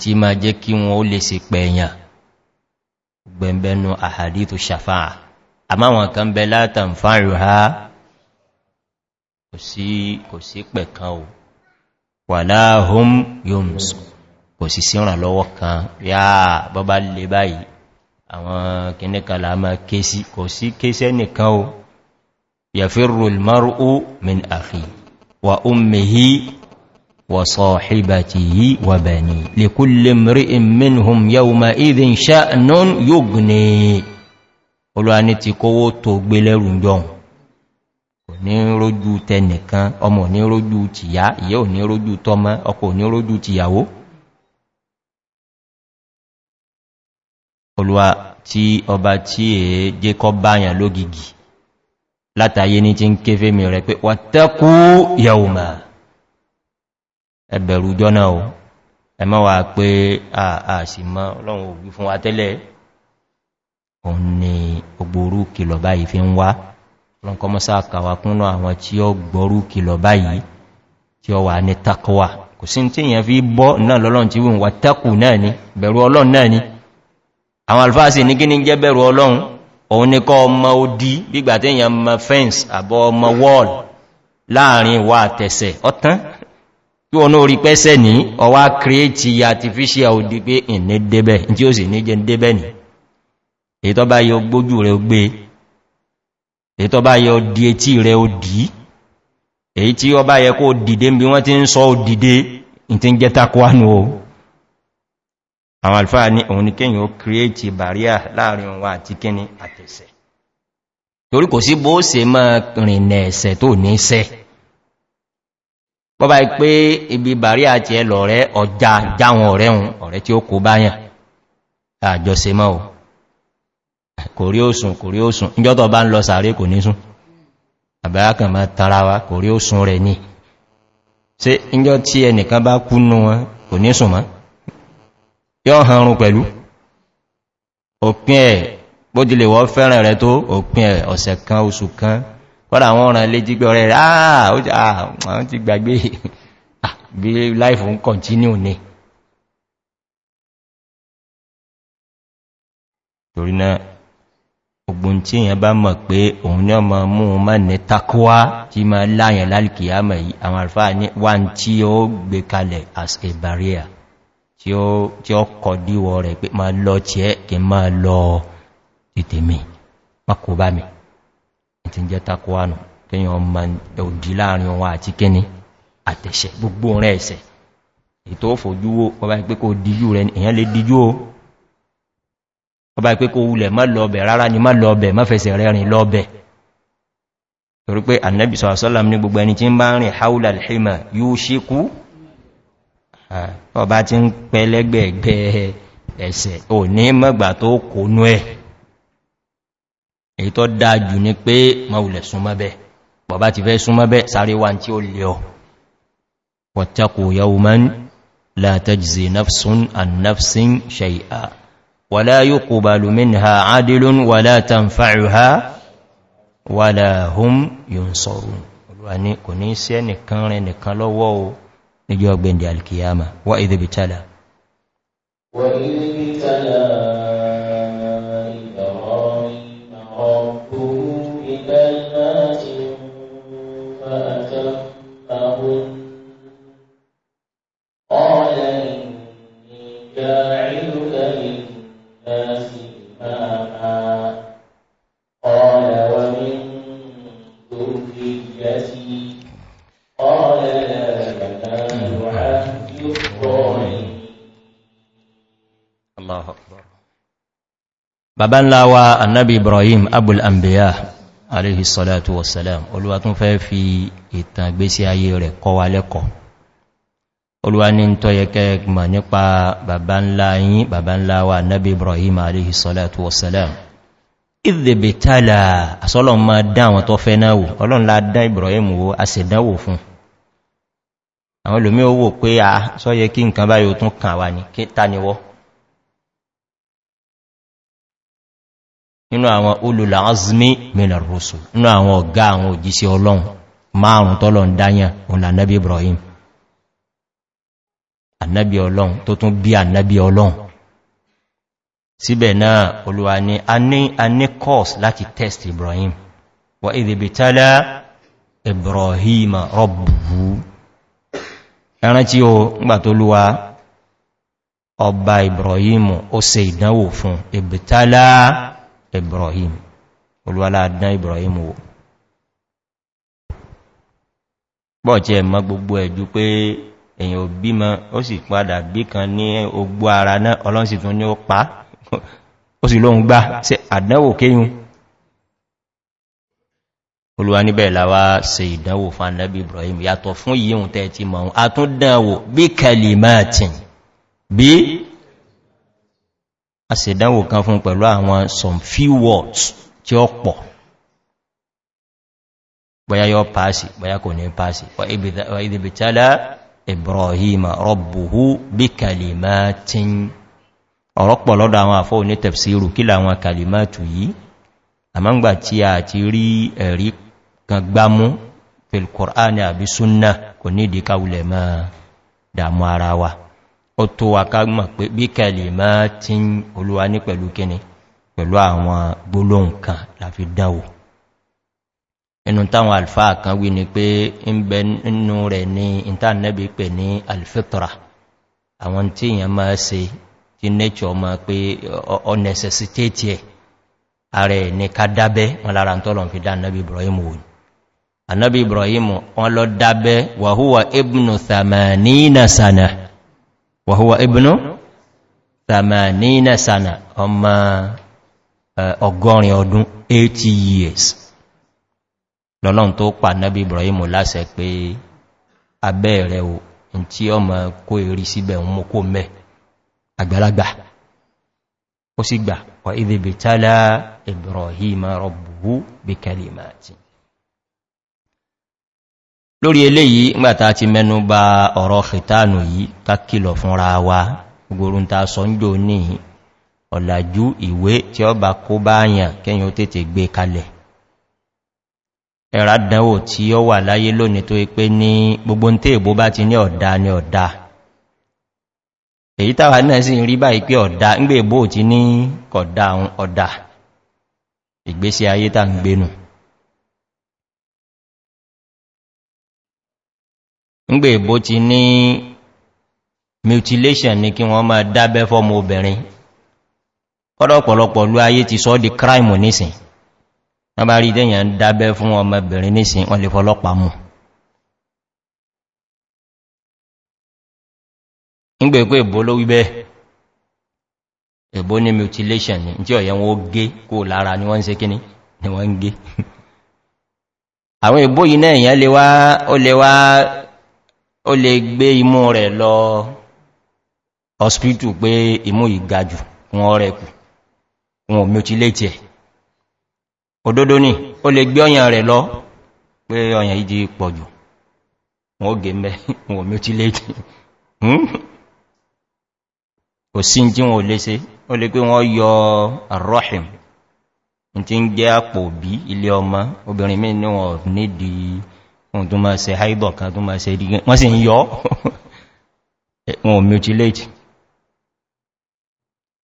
tí ma jẹ́ kí wọn ó lè se pẹ̀yàn gbẹ̀mgbẹ̀nu àhàdìtò ṣàfáà àmáwọn kan bẹ látàn fáàrù ha kò sí pẹ̀kan o wà láàáhùn yoms kò sì síran lọ́wọ́ kan yá bọ́bá lè báyìí àwọn kìnníkàlà máa kéèsí kò sí kéèsẹ́ nìkan o yàfí rùl márùn min àfi wà ó وصاحبته وبني لكل امرئ منهم يومئذ شأن يغني olúwa ní ti kówó tó gbé lẹ́rù jọun kò ní rójú tẹnìkan ọmọ ní rójú tìyá ìyẹ́ ò ní rójú tọ́mọ́ ọkọ̀ ní rójú tìyàwó olúwa tí ọba tí è jẹ́ kọ báyàn lógigi látàyé mi rẹ̀ pé wàtẹ́kú yàwó ẹbẹ̀rù jọ́nà o ẹ mọ́ wà pé àṣì mọ́ ọlọ́run ògbí fún wa tẹ́lẹ̀ òun ni ògbòrú kìlọ̀ báyìí fi ń wá lọ́nkọ́ mọ́sá àkàwà kúnnà àwọn tí ó gbọ́rú kìlọ̀ báyìí tí ó wà ní takowa kò sí tí èyàn fi bọ́ náà lọ́lọ́run tí wọ́n láàrin wà tẹ̀sẹ̀ ọ̀tán kí wọn náà rí pẹ́sẹ̀ ní ọwá kírẹ́tì artificial òdí pé ìní débẹ̀ tí ó sì ní jẹ débẹ̀ ní ètọ́ bá yọ gbójú rẹ̀ gbé ètọ́ bá yọ di etí rẹ̀ ó dì í èyí tí ọba yẹ kó dìde bí wọ́n ti ń sọ òdìde ìtí ń jẹ́ takwánu o àwọn alfáà ní òun ni kíyàn ó kírẹ́tì bàríà láàrin òun àti kíní àtẹ̀sẹ̀ torí kò sí bó ṣe máa rìnlẹ̀ ẹ̀sẹ̀ tó ní sẹ́ẹ̀ bọ́bá pé ibi bàrí àti ẹlọ rẹ̀ ọjà jáwọn ọ̀rẹ́ hun ọ̀rẹ́ tí ó kó báyàn àjọsẹ mọ́ o kò rí òsùn kò rí òsùn ìjọ́tọ̀ bá ń lọ sàárè kò ní sún àbáyákan máa tara wa kò rí òsùn rẹ̀ ní ṣe ìjọ́ tí ẹnìkan bá kúnnú wọn kò ní sùn mọ́ yọ́ hanrun pẹ̀lú òpin ẹ̀ bó dilẹ̀ wọ́n fẹ́ràn rẹ̀ tó òpin ẹ̀ ọ̀sẹ̀ kan oṣù kan kọ́dà àwọn ọ̀ràn lè jí gbọ́rẹ̀ rẹ̀ àwọn ah, ah, ti gbàgbé ah, bí life ń continue ní torí náà ogun tí èyàn bá mọ̀ pé òun ní ọmọ mú un má ní takowa tí ma láyàn lálìkì àmà yìí àwọn àrífà ní wà ń tí ó gbé kalẹ̀ as a barrier tí ó kọ̀ díwọ rẹ̀ pé ma lọ tí ẹ́ kí ma lọ ìtèmì makobami tí ń jẹ́ takwánu kíyàn ọmọ ẹ̀òdí láàrin wọn àti kíni àtẹ̀ṣẹ̀ gbogbo rẹ̀ ẹ̀ṣẹ̀ ètò òfòjúwó ọba ìpé kó díjú rẹ̀ èyàn lè díjú o ọba ìpé kó wulẹ̀ má lọ́ọ̀bẹ̀ rárá ni má lọ́ọ̀bẹ̀ má fẹsẹ̀ rẹ̀rìn lọ́ọ̀bẹ̀ torí pé annabi sọ́sọ́lám ní gbogbo ẹni tí ń bá rìn haúlà alhima yóò ṣíkú ọba ti ń pẹ́lẹ́gbẹ̀ẹ́gbẹ̀ẹ́ ẹ̀ṣẹ̀ ò ní mọ́gbà tó kónú ẹ̀ èyí tó dáa jù ní pé maulẹ̀ súnmọ́bẹ̀ bọ̀bá ti fẹ́ súnmọ́bẹ̀ sáré wá tí ó lè ọ wàtàkù yawman látàjìzì nafsun an nafsin shai'a wàlá yóò kò bàlùmín ha adilun wàlá tàǹfà'ù ha wàlá hum yóò sọ̀rọ̀ olúwa ní kò ní sí ẹnìkan rẹ̀ nìkan lọ́wọ́ o níjọ́ ọgbẹ̀ndì alkiyama wa ìdìbìtala wa ìdìbìtala bàbá ńlá wa annabi ibrahim abul ambiya aléhì sọ́látù wọ̀sálàm olúwa tún fẹ́ fi ìtàn gbésí ayé rẹ̀ kọ́ wa lẹ́kọ̀ọ́ olúwa ní tó yẹ kẹ́gbà nípa bàbá ńlá yín bàbá ńlá wa annabi ibrahim aléhì sọ́látù wọ̀sálàm ìdèbètàlà àsọ́lọ̀ ma dá àwọn tó fẹ́ náà wò inú àwọn olùlàázmí mìíràn rọ̀sù inú àwọn ọ̀gá àwọn òjíṣẹ́ ọlọ́run márùn tọ́lọ̀ ń dáyà òun ibrahim ànábí ọlọ́run tó tún bí ànábí ọlọ́run síbẹ̀ náà olùwà ni a ní course láti test ibrahim wà ìdìbì ibrahim rọ̀bù ẹran tí ó ibrahim ó se ìdánwò ibrahim olúwàládán ibrahim wò bọ́ tí ẹ mọ́ gbogbo ẹ̀jú pé èyàn ò bímọ ó sì padà bí kan ní ogbó ara náà ọlọ́sì tún ní ó pa ó sì lóhun gbá sí àdánwò kéyún olúwa níbẹ̀ láwá se ìdánwò fún anábí ibrahim yàtọ̀ fún yíhun tẹ́ ti mọ̀ a tún dánwò a sì dánwò kan fún pẹ̀lú àwọn some few words tí ó pọ̀ bọ́yá yọ pàásì bọ́yá kò ní pàásì wà ìdìbìtálá ibrahim rọ̀bùhú bí kalimatin ọ̀rọ̀pọ̀ lọ́dọ̀ àwọn àfọ́ ní tẹ̀fṣírù kí láwọn kalimatu yìí àmọ́ngbà tí a ti rí ẹ̀rí kan gbámú fil kùránì àbí súnnà kò ní ìdíkàwulẹ̀ máa dàmú ara wa ó tó wà ká mọ̀ pé bí kẹlì máa tí ń olúwa ní pẹ̀lú kíni pẹ̀lú àwọn gbólóhùn kan láfi dánwò inú táwọn alfa kan wí ni pé ń bẹ nínú rẹ̀ ní ìntánẹ́bí pè ní alfitra àwọn tí èyàn máa se tí nature ma pé ọ necessitate ẹ̀ ààrẹ ní ká dábẹ́ wọn lára tọ́lọ̀ fi dá anábì ibrahim wò ní anábì ibrahim wọn lọ dábẹ́ wàhúwà ibn thamanina sana wàhúwà ibùnú tàmàníínà sànà ọmọ ọgọ́rin ọdún 80 years lọ́lọ́n tó pa náàbí ibrahimu lásẹ̀ pé abẹ́ rẹ̀ o n tí ọmọ kó èrí síbẹ̀ ń mú kó mẹ́ àgbàlagbà ó sì gbà wà ìdìbìtálá ibrahim rọ̀bùhú bí kẹlìmáàtì lórí eléyìí ngbàtà ti mẹ́nu ba ọ̀rọ̀ fìtánù yìí kákìlọ̀ fúnra wa gbogboorun ta sọ ń jò ní ọ̀làjú ìwé tí ó bá kó bá yàn kẹ́yìn ó tètè gbé kalẹ̀ ẹ̀rà dánwò tí ó wà láyé lónìí tó ipé ní gbogbo ń tèèbó bá ti ní ọ̀dá ní ọ̀dá èyí tàwà náà sì rí báyìí pé ọ̀dá ń gbé ìbò tí ní kọ̀dá ọ̀dá ìgbésí ayé tà ń gbénù ngbe bó ti ní mutilation ní kí wọ́n máa dábẹ́ fọ́mọ obìnrin ọ̀dọ̀pọ̀lọpọ̀ ló ayé ti sọ́ di crime nísìn wọ́n bá rí dábẹ́ fún obìnrin nísìn wọ́n lè fọ́lọ́pàá mú ńgbè ìbò ló wí bẹ́ẹ̀ mutilation ó ó lè gbé imú rẹ̀ lọ hospital pé imú ìgajù wọn rẹ̀ kù wọn mutilate ẹ̀ òdòdó ní ó lè gbé ọyàn rẹ̀ lọ pé ọyàn ìdí pọ̀jù wọn ó gé mẹ́ wọn mutilate hmm? kò sí tí wọn lè ṣe ó lè pé wọ́n yọ arrohim tí ń jẹ́ àpò bí ilé ọmọ obìnrin mí ní nídìí wọn tó máa ṣe haibọ̀ kan tó máa ṣe ìdígẹ́ wọ́n sì ń yọ́ wọn ò mutilate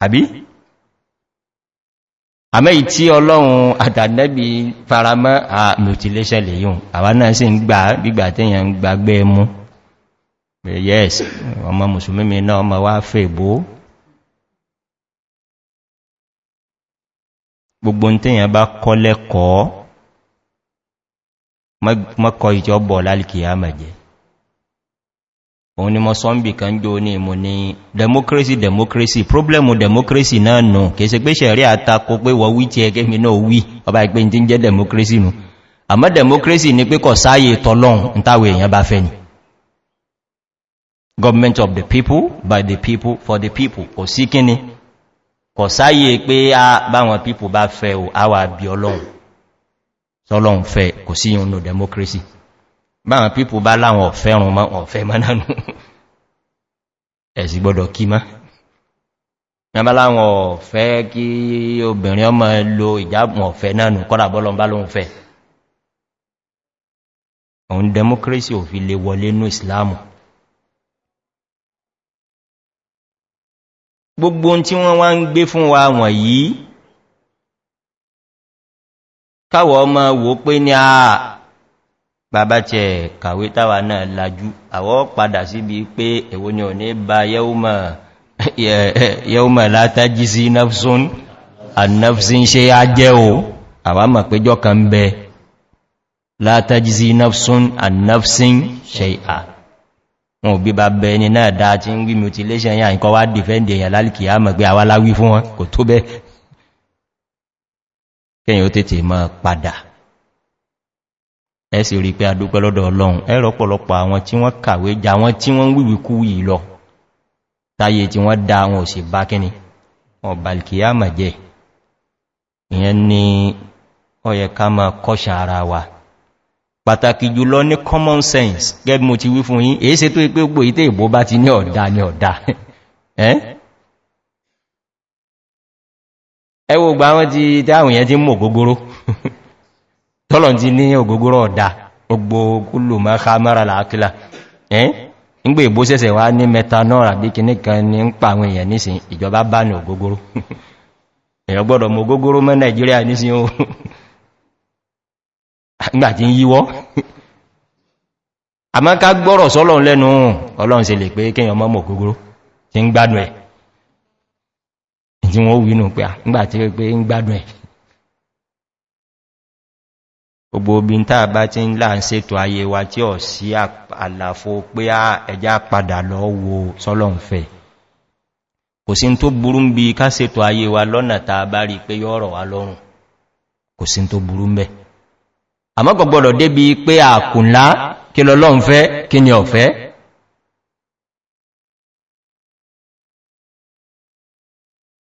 àbí àmẹ́yì tí ọlọ́run àtàdẹ́bì faramọ́ à mutilation lè yíò àwá náà sì ń gbà gbígbà tẹ́yàn ń gbàgbẹ́ mú yes ọmọ musulmi náà ọmọ wá fèbó gbogbo tẹ́yàn bá kọ́lẹ́kọ̀ọ́ mọ́kọ̀ ìtì ọbọ̀ lálìkì ya mẹ́jẹ òun ni mọ́ sọ́mbì kan jò ní ìmú ní democracy democracy problem democracy náà nù kìí se pé ṣẹ̀rí àtakò pé wọ́n wí tí ẹgẹ́ mi náà wí ọba ìpé tí jẹ́ democracy nù àmọ́ democracy ni pé kọ̀ sáyé tọ́lọ́un ntáwò èèyàn bá fẹ́ ni government of the people by the people for the people kò sí kíni kọ̀ sáyé pé báwọn people bá fẹ́ o àwà bí ọlọ́run sọ́lọ́un fẹ́ kò sí yíò nù democracy báwọn pípò bá láwọn ọ̀fẹ́ rùn mọ́ ọ̀fẹ́ mọ́nánú ẹ̀sì gbọ́dọ̀ kí má yàmá láwọn ọ̀fẹ́ kí obìnrin ọmọ lo ìjábùn ọ̀fẹ́ nánú kọ́dà bọ́lọ̀ bá lóun fẹ́ òun democracy ò fi lè wọlé ní islam gbogbo tí wọ́n wá ń gbé fún wa wọ̀nyí káwọ ọmọ wò pé ní a bàbá tẹ kàwé táwà náà lajú àwọ́ padà síbi pé èwo ni ò ní bá yẹ́ùmọ̀ látájí sí nafsun annafsin ṣe á jẹ́ o àwá mọ̀ péjọ́ kan bẹ látájí sí nafsun annafsin ṣe à wọn ò bí bá bẹ ẹni náà dáa ti ń rí mutilation yà ń kọ́ wá dìfẹ́ndì èyàn lálìkì mọ̀ pé àwá láwí fún wọn kò tó bẹ́ẹ̀ kẹ́yìn ó tètè máa padà ẹ sì rí pé adúpẹ́ lọ́dọ̀ ọlọ́run ẹ̀rọ pọ̀lọpọ̀ àwọn tí wọ́n kàwé jà wọ́n tí wọ́n wíwí kú yìí lọ táyé tí wọ́n dá wọn ò sì bá kíní ọ̀bàlìkìyàmà jẹ́ ìyẹn ni ọyẹ ká máa kọ́ṣà ara wa pàtàkì jùlọ ní common sense gẹ́gbùn ti wí fún yí èé se tó ipé gbò ìtẹ́ ìbò bá ti ní ọ̀dá ní ọ̀dá ẹ́ ẹwọ gba wọn ti táwọn èèyàn ti mọ̀ ògógóró tọ́lọ̀ ti ní ògógóró ọ̀dá gbogbo kúlù ma ká mara làákílà ẹ́n nígbè ìbó sẹ́sẹ̀ wá ní methanol àbí kìní kan ní ń pa àwọn èèyàn nísìn ìjọba bá ní ògógóró èèyàn gbọ́dọ̀ mọ ògógóró mọ́ nàìjíríà o nígbà tí ń yíwọ́ àmọ́ ká gbọ́rọ̀ sọ́lọ̀ lẹ́nu ọlọ́run se lè pé kéèyàn mọ́ mọ̀ ògógóró ti tí wọ́n wínú pé àgbàtí ń gbádùn ẹ̀ gbogbo obin tàà bá ti ń láà ń sètò ayé wa tí ọ̀ sí àlàfo pé á ẹjá padà lọ wo sọ́lọ̀nfẹ́ kò sí tó burú bí ká sètò ayé wa lọ́nà tàà bá rí pé yọ́rọ̀ wa lọ́rùn kò sí tó burú ń àmọ́gbọ̀gbọ̀rọ̀ débi pé àkùnlá kí lọ́lọ́nfẹ́ kí ni ọ̀fẹ́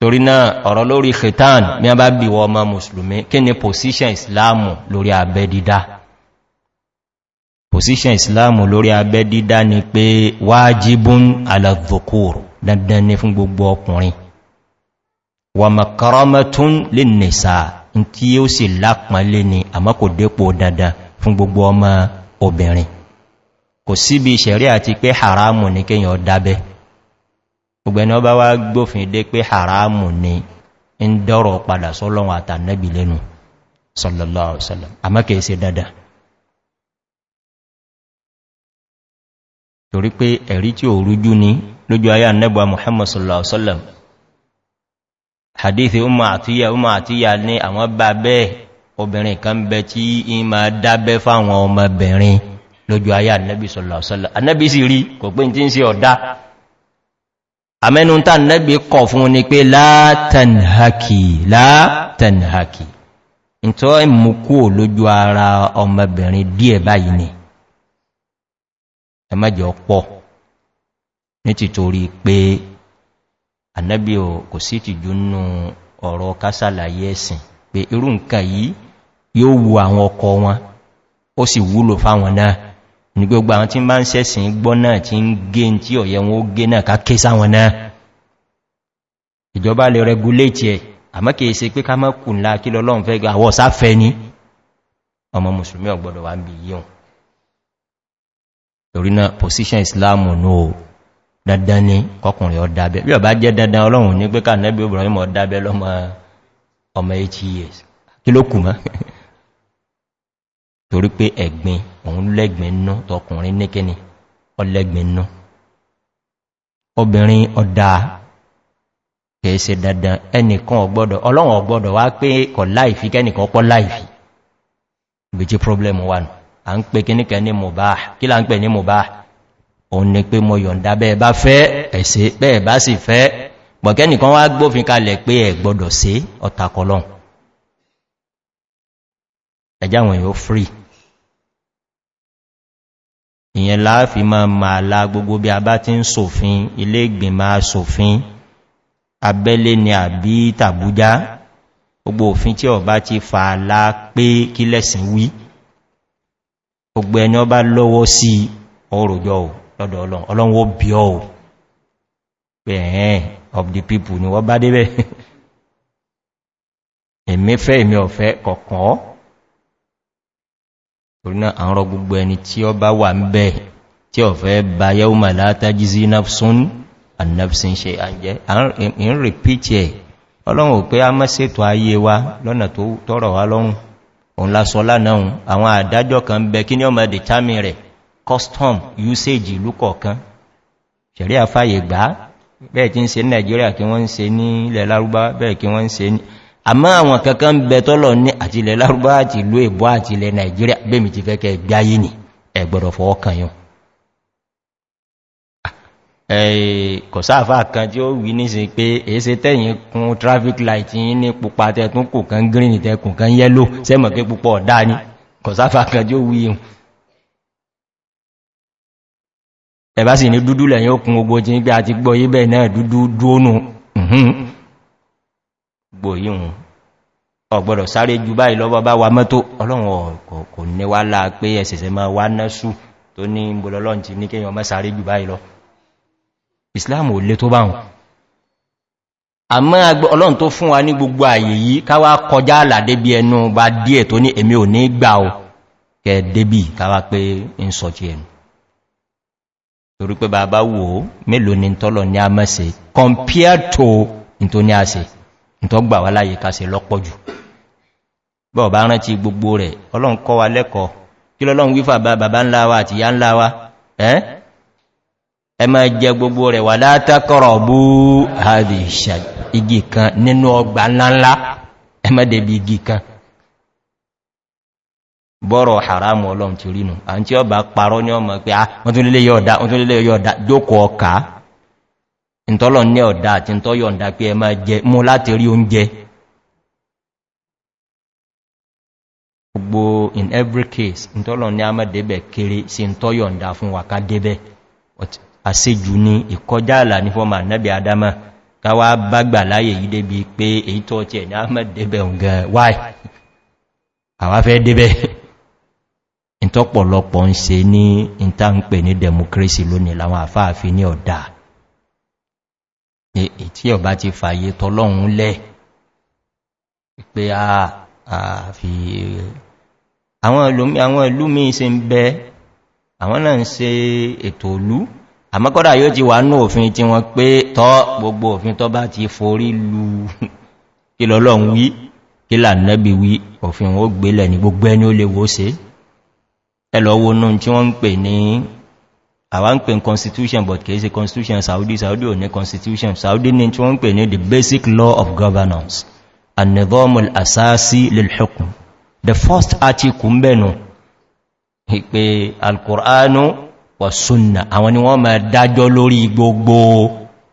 torí náà ọ̀rọ̀ lórí khitan ní a bá bíwọ ọmọ musulmi kí ni position islamu lórí abẹ́ dídá position islamu lórí abẹ́ dídá ni pé wájíbún alàdùkúrù dandan ní fún gbogbo ọkùnrin wà makaramatun lè nìsà tí ó sì lápàálé ni àmá kò dépò dandan fún gbogbo ọmọ obìnrin kò síbi ìṣẹ̀rí àti pé haramu ní kíyàn dábẹ́ ọgbẹ̀ni ọba wá gbófin dé pé haramu ni ń dọ́rọ̀ padà sọ́lọ́wọ́ àtànẹ́bì lẹ́nu sallallahu alaihi wasallam àmọ́ kìí ṣe dáadáa torí pé ẹ̀rí tí ó rújú ní lójú ayá nẹ́bà muhammad sallallahu alaihi wasallam hadithi umar àtíyà umar àtíyà ní àwọn bá bẹ́ẹ̀ obìnrin kan bẹ tí àmẹ́nu tàn lẹ́gbẹ̀ẹ́ kọ̀ fún ní pé látànhàkì látànhàkì ìtọ́ ìmúkú lójú ara ọmọbìnrin díẹ̀ báyìí ni ẹmẹ́jọ pọ̀ ní títorí pé ànẹ́bí kò sí tìjú nù ọ̀rọ̀ kásàlàyé ẹ̀sìn pé irú nǹkan yìí yóò wu àwọn ọkọ̀ wọn ó sì wúlò fáwọn náà ní gbogbo àwọn tí ń bá ń sẹ́sìn gbọ́ náà tí ń gé tí ọ̀yẹ wọn ó gé náà ká ké sáwọn náà ìjọba lè regulate ẹ̀ àmọ́ kìí se pé ká mọ́kù ńlá kí lọ́lọ́run fẹ́ gbà àwọ̀ position islam ní o dandan ni kọkùnrin ọ̀dábẹ́ bí ọba jẹ́ dandan ọlọ́run ní pé ká torí pé ẹ̀gbin òun lẹ́gbin ná tọkùnrin níkíní ọlẹ́gbin ná obìnrin ọ̀dá kìí se dandan ẹnìkan ọgbọ́dọ̀ ọlọ́run ọgbọ́dọ̀ wá pé kọ̀ láìfí kẹ́nìkan pọ́ láìfí ibi tí problem wà nù à ń pè kíníkẹ́ ní mọ̀bá kí là ń pè ní mọ̀bá òun ni pé mọ̀ yọ̀nda bẹ́ẹ̀ bá fẹ́ ẹ̀sẹ̀ bẹ́ẹ̀ bá sì fẹ́ pọ̀kẹ́nìkan wá gbófin kalẹ̀ pé ẹ̀ gbọ́dọ̀ sí ọ̀takọlọ́n ẹjáwọn yóò free ìyẹn láàfí ma ma la gbogbo bí a bá ti ń sòfin ilé ìgbìmọ̀ asòfin abẹ́lé ni àbí tàbújá gbogbo òfin tí ọba ti fà lá pé kí lẹ́sìn wí gbogbo ẹni ọba lọ́wọ́ sí ọrọ̀jọ́ lọ́dọ̀ ọlọ́run bí ọ́ pé ẹ̀hẹ́n of the people ni wọ́n bá débẹ̀ èmi fẹ́ ọ̀fẹ́ kọ̀kọ́ torína àwọn gbogbo ẹni tí ó bá wà ń bẹ́ tí ó fẹ́ bá yẹ́wò mà látájí sí nafsun annafsin ṣe àjẹ́ in repeat ẹ̀ ọlọ́run pé a mọ́ sètò ayé wa lọ́nà tó tọ́rọ̀ wá lọ́run òun lásọ lánàá àwọn àdájọ́ kan bẹ kí ní ọmọ determine rẹ̀ custom usage ìlú kọ̀ọ̀kan ṣẹ̀rí àfáyè gbá bẹ́ẹ̀ tí ń se ní nàìjíríà kí wọ́n ń se ní ilẹ̀ lárúbá bẹ́ẹ̀ kí wọ́n ń se ní àmá àwọn kankan ń bẹ tọ́lọ̀ ní àtìlẹ̀ lárúbá àti ìlú èbó àtìlẹ̀ nàìjíríà bẹ́mi ti fẹ́ kẹ́ gbáyé nì ẹgbọ̀rọ̀ fọwọ́ kan yùn ah, kò sáàfà kan tí ó wí ní sí pé èése tẹ́yìn kún traffic light yìí ní pupa tẹ́kún kò kan green tẹ́kùn kan yẹ́lò sẹ́mọ̀ pé púpọ̀ ọ̀dá ní kò sáàfà kan tí ó wí ihun ẹ̀bá sì ní dúdú lẹ̀yìn ó kún ogbó tí ń gbé àti gbọ́ yíbẹ̀ náà dúdú dúónù ipò yíhun ọ̀gbọ̀dọ̀ sáré jù báyìí lọ́wọ́ bá wa mọ́tò ọlọ́run kò ní wá láà pé ẹ̀sẹ̀sẹ̀ máa wá ná sú tó ní ìbòlọ́lọ́n ti ní kéyàn mọ́ sáré jù báyìí lọ islam ò lé tó bá hùn àmọ́ ọlọ́run tó fún wa ní gbogbo torí pé bàbá wò mélòó ni tọ́lọ̀ ní a mẹ́sẹ̀ compared to ní tó ní a sẹ̀ tó gbà wá láyé ká se lọ́pọ̀ jù bọ́ bá rántí gbogbo rẹ̀ ọlọ́run kọ́ wa lẹ́kọ̀ọ́ kí lọ́lọ́run wífà bá bàbá ńlá wa àti ìyá ńlá wa ẹ máa jẹ gbogbo rẹ̀ wà látàkọ̀rọ̀ bú àdì igi kan nínú ọgbà ńláńlá ẹ má dẹ̀bi igi kan bọ́rọ̀ ìntọ́lọ̀ ní ọ̀dá àti ìntọ́ yọ̀nda pé ẹ máa jẹ mú láti rí oúnjẹ gbogbo in every case ìntọ́lọ̀ ní a máa débẹ̀ kéré sí ìntọ́ yọ̀nda fún wàká débẹ̀ àṣejù ní ìkọjá àlà ní fọ́mà nẹ́bẹ̀ adama káwà bágbà láyè yìí débi pé èyí tọ́ ti ẹ̀ ní a máa débẹ̀ ǹgan tí ọba ti fàyè tọ́lọ́run lẹ́ pé a fi àwọn ìlúmi se ń bẹ àwọn náà ń se ètò olú àmọ́kọ́dà yóò ti wà ní òfin tí wọ́n pé tọ́ gbogbo òfin tọ́ bá ti forí lu kílọ́lọ́run wí kílà nẹ́bí wí òfin ó gbélẹ̀ ní gbogbo ẹni ó lè wó se ẹlọ́wọ́nú tí wọ́n ń pè ní àwá ń constitution but kìí ṣe constitution saudi saudi ò ní constitution saudi ní tí wọ́n ń ní the basic law of governance and nizomul asasi lilhukun the first article ń bẹ̀nu ìpe alkùránù wà súnà àwọn ni wọ́n máa dájọ́ lórí gbogbo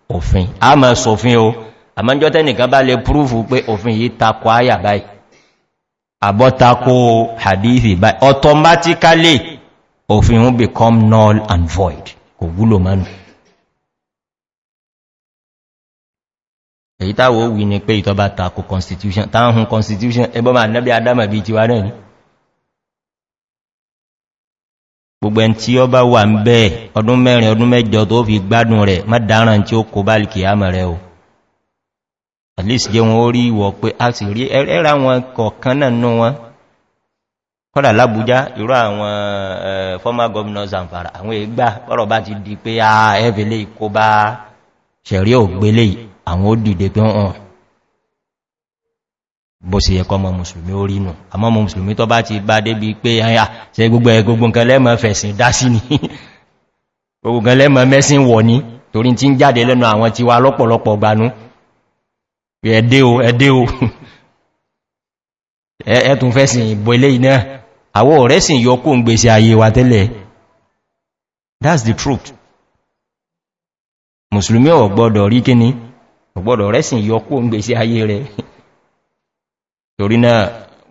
òfin a máa sòfin o àmọ́jọ́ tẹ́nìkan bá lè prúfù pé òfin yìí takọ àyà báyìí àbọ́takọ hadithi báyìí automatically òfin will become null and void kò wúlò mánu èyí táwọ̀ wí ni pé ìtọba tako constitution táhùn constitution ẹgbọ́n ma nẹ́bí adama bí ti wá náà ní gbogbo ẹn tí ọ bá wà ń bẹ́ ọdún mẹ́rin ọdún mẹ́jọ tó fi gbádùn rẹ̀ má dáràn tí ó kó bá kìí rẹ̀ o at least jẹ́ wọn ó rí ìwọ̀ pé a sì rí ẹ̀rẹ́ ra wọn kọ̀ọ̀kan náà nú wọn kọ́dà lábújá irú àwọn former governors and fara àwọn ìgbà ọ̀rọ̀ bá ti di pé a ah, ẹ́fẹ́lẹ́ ikó bá ṣẹ̀rí ògbélé àwọn ó dìde pé wọ́n bó sì yẹ kọmọ musulmi ó rínú àmọ́ mọ musulmi tó bá ti bá débi pé àyà ṣe gbogbo ẹgbogbo nǹkan lẹ́mọ̀ fẹ̀sìn dá sí ni gbogbo nǹkan lẹ́mọ̀ mẹ́sìn wọ̀ ní torí tí ń jáde lẹ́nu àwọn ti wa lọ́pọ̀lọpọ̀ gbanú ẹ̀dẹ́ o ẹ̀dẹ́ o ẹ̀ẹ́tún fẹ́sìn ìbò ilé iná àwọ ọ̀rẹ́ sì yọkó ń gbèsè ayé wa tẹ́lẹ̀ that's the truth musulmi ọ̀gbọ́dọ̀ rí kíní ọ̀gbọ́dọ̀ rẹ̀ sì yọkó ń gbèsè ayé rẹ̀ torí náà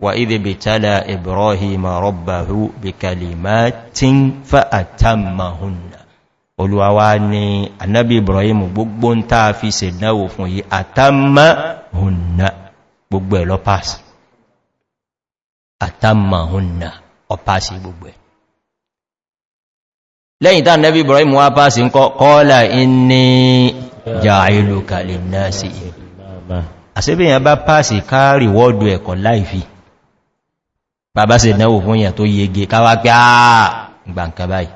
wà ìdè bìtálà ibrahim rọ́bàhú bìkalimatin fa'atammahunna olùwàwà ni anábì ibrahim gbogbo ń tàà fi àtàmà hùnà àtàmàhúnnà ọ̀páṣì gbogbo ẹ̀ lẹ́yìn tán nẹ́bí ibrahim wá pàṣì ń kọ́ọ́lá inní jà ìlú kalẹ̀ náà sí àṣíbìyàn bá pàṣì káàrì wọ́ọ̀dù ẹ̀kọ́ láìfi bàbá sì náwò fún yẹn tó yege káwà pé àà gbàǹkà báyìí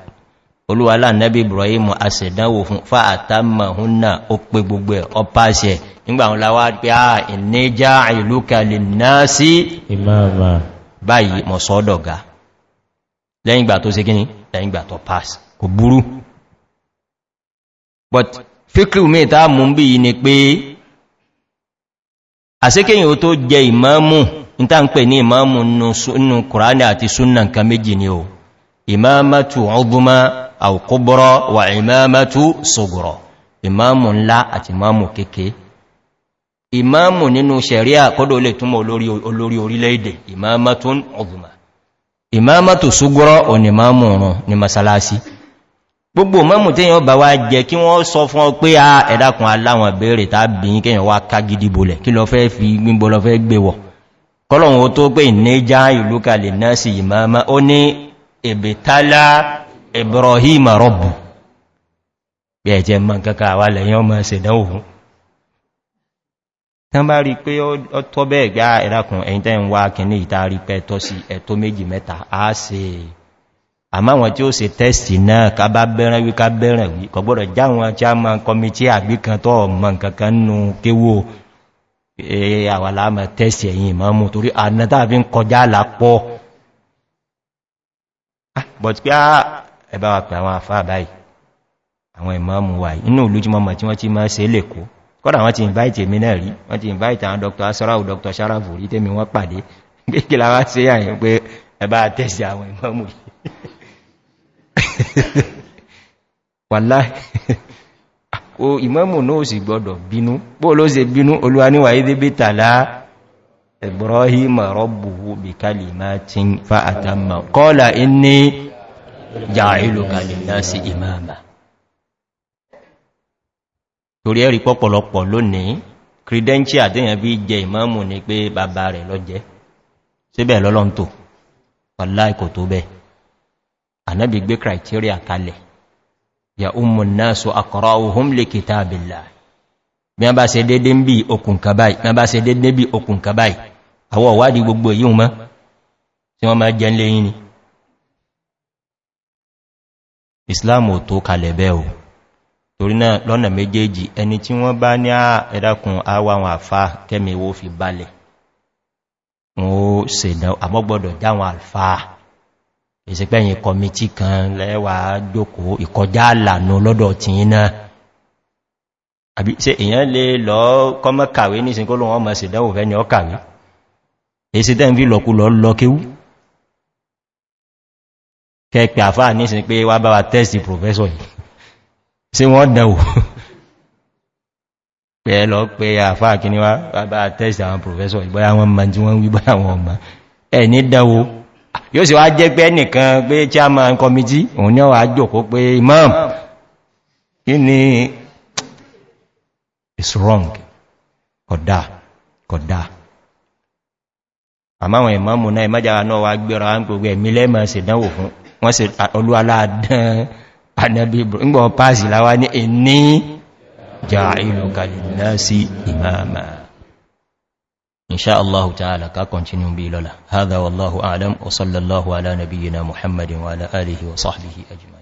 olúwàlá nẹ́bí ibrahim àṣẹ̀dánwò fún fàátàmà húnnà ó pé gbogbo nígbà wọn láwá pé àà ìníjà ìlú kalẹ̀ náà sí ìmáàmà báyìí mọ̀ sọ́dọ̀gá lẹ́yìngbà tó ṣe gíní lẹ́yìngbà tó pass kò burú but fíkìrì mẹ́ ta mú bí i ni pé àṣíkẹ́yìn ó tó jẹ ìmọ́mù níta ń pè ní ìmọ́mù nínú kùránì àti súnnà nǹkan méjì ni o ìmọ́mọ́tù ọgbọ́mọ́ àwòkóbọ́rọ̀ wà ìmọ́mọ́tù sọ̀gọ̀rọ̀ ìmọ́mù ńlá àti ìmọ́mù kéèkéé ìmáàmù nínú sẹ̀ríà kọ́dọ̀ lè túnmọ̀ olórí orílẹ̀-èdè ìmáàmàtún ọ̀gbùnmà ìmáàmàtù ṣúgbọ́rọ̀ onímáàmù ọ̀run ní masalasi gbogbo mọ́mù tí yàn bá wá jẹ kí wọ́n sọ fún ọ pé ah, a ẹ̀dàkùn aláwọn bèèrè tàbíyìn kí wọ́n wá ká gidi bolẹ̀ kí lọ fẹ́ fi gbígbó lọ fẹ́ gbé wọ̀ kọ́lọ̀wọ́n ó tó pé ìnẹ́já ìlú kalẹ̀ náà sí ìmáàmá ibrahim rọ̀bù bí ẹ̀jẹ̀ mọ́ kankan wà tán bá rí pé ó tọ́ bẹ́ẹ̀ gbá ẹ̀dàkùn ẹ̀yìn tẹ́ ń wá kìíní ìtarí pẹ́ tọ́ sí ẹ̀tọ́ méjì mẹ́ta á se àmá wọn tí ó se tẹ́sì náà ká bá bẹ́rẹ̀ wí ká bẹ́rẹ̀ wí kọ̀ gbọ́dọ̀ jáwọn tí a ma ń kọmi ah, ah, tí àgbí kan tọ́ ọmọ wà pẹ̀ àwọn tí wọ́n ti máa se lè kó kọ́dà wọ́n ti invite mi náà rí wọ́n ti invite àwọn dr asarau dr sharafu rí tẹ́mi wọ́n pàdé gẹ́gẹ́ láwá sí àyẹ̀ pé ẹbá tẹ́sì àwọn ìmọ́mù yìí wàlá o ìmọ́mù náà sì gbọ́dọ̀ bínú bó ló se bínú olúwa níwà ìdíbí ibrahim torí ẹ̀rí pọ́pọ̀lọpọ̀ lónìí kìrìdẹ́ńtì àdéyàn bí jẹ ìmọ́mù ní pé bàbá rẹ̀ lọ́jẹ́ síbẹ̀ lọ́lọ́ntò pàlá ikò tó bẹ́ ànábì gbé criteria kalẹ̀ ya umu náà so akọ̀rọ̀ ohun lè kìtà àbìlà bí wọ́n bá se dédé bí okùn kàbáì àwọ̀ wádìí gbogbo torí náà lọ́nà méjèèjì ẹni tí wọ́n bá ní ẹ̀dàkùn àwà àwọn àfá kẹ́mì owó fi balẹ̀ wọ́n ó sèdán àmọ́gbọ́dọ̀ jáwọn àfá ìsìpẹ́yìn kọmití kan lẹ́wà jókó ìkọjá àlànà lọ́dọ̀ tí náà àbí ṣe èyàn lè lọ kọmọ́ kàwé ní wa tẹ́sì professor yìí sí wọ́n dẹ̀wò pẹ̀ lọ pé àfáà kí ní wá bá tẹ́sì àwọn professor ìbọ́yá wọn ma jí wọ́n wíbọ́ àwọn ọmọ ẹ̀ ní dẹ̀wò yóò sì wá jẹ́ pé nìkan pé chairman committee òun ní ọwà jòkó pé imam kí ni is wrong kọ̀dá kọ̀dá àmáwọn ìmọ́mù náà ìmájára náà wá gbéra ń gbogbo ẹ̀mí lẹ́mọ̀ sí dánwò fún wọ́n sì olúwaláàdán ànàbí ìgbọ̀ pàásì láwá ní ẹni jà ìlú kàlìdínà sí ìmáàmà inṣá Allah ta'ala ka continue bi lola hadha wallahu a'lam wa sallallahu ala nabiyyina muhammadin wa ala alihi wa sahbihi ajma'in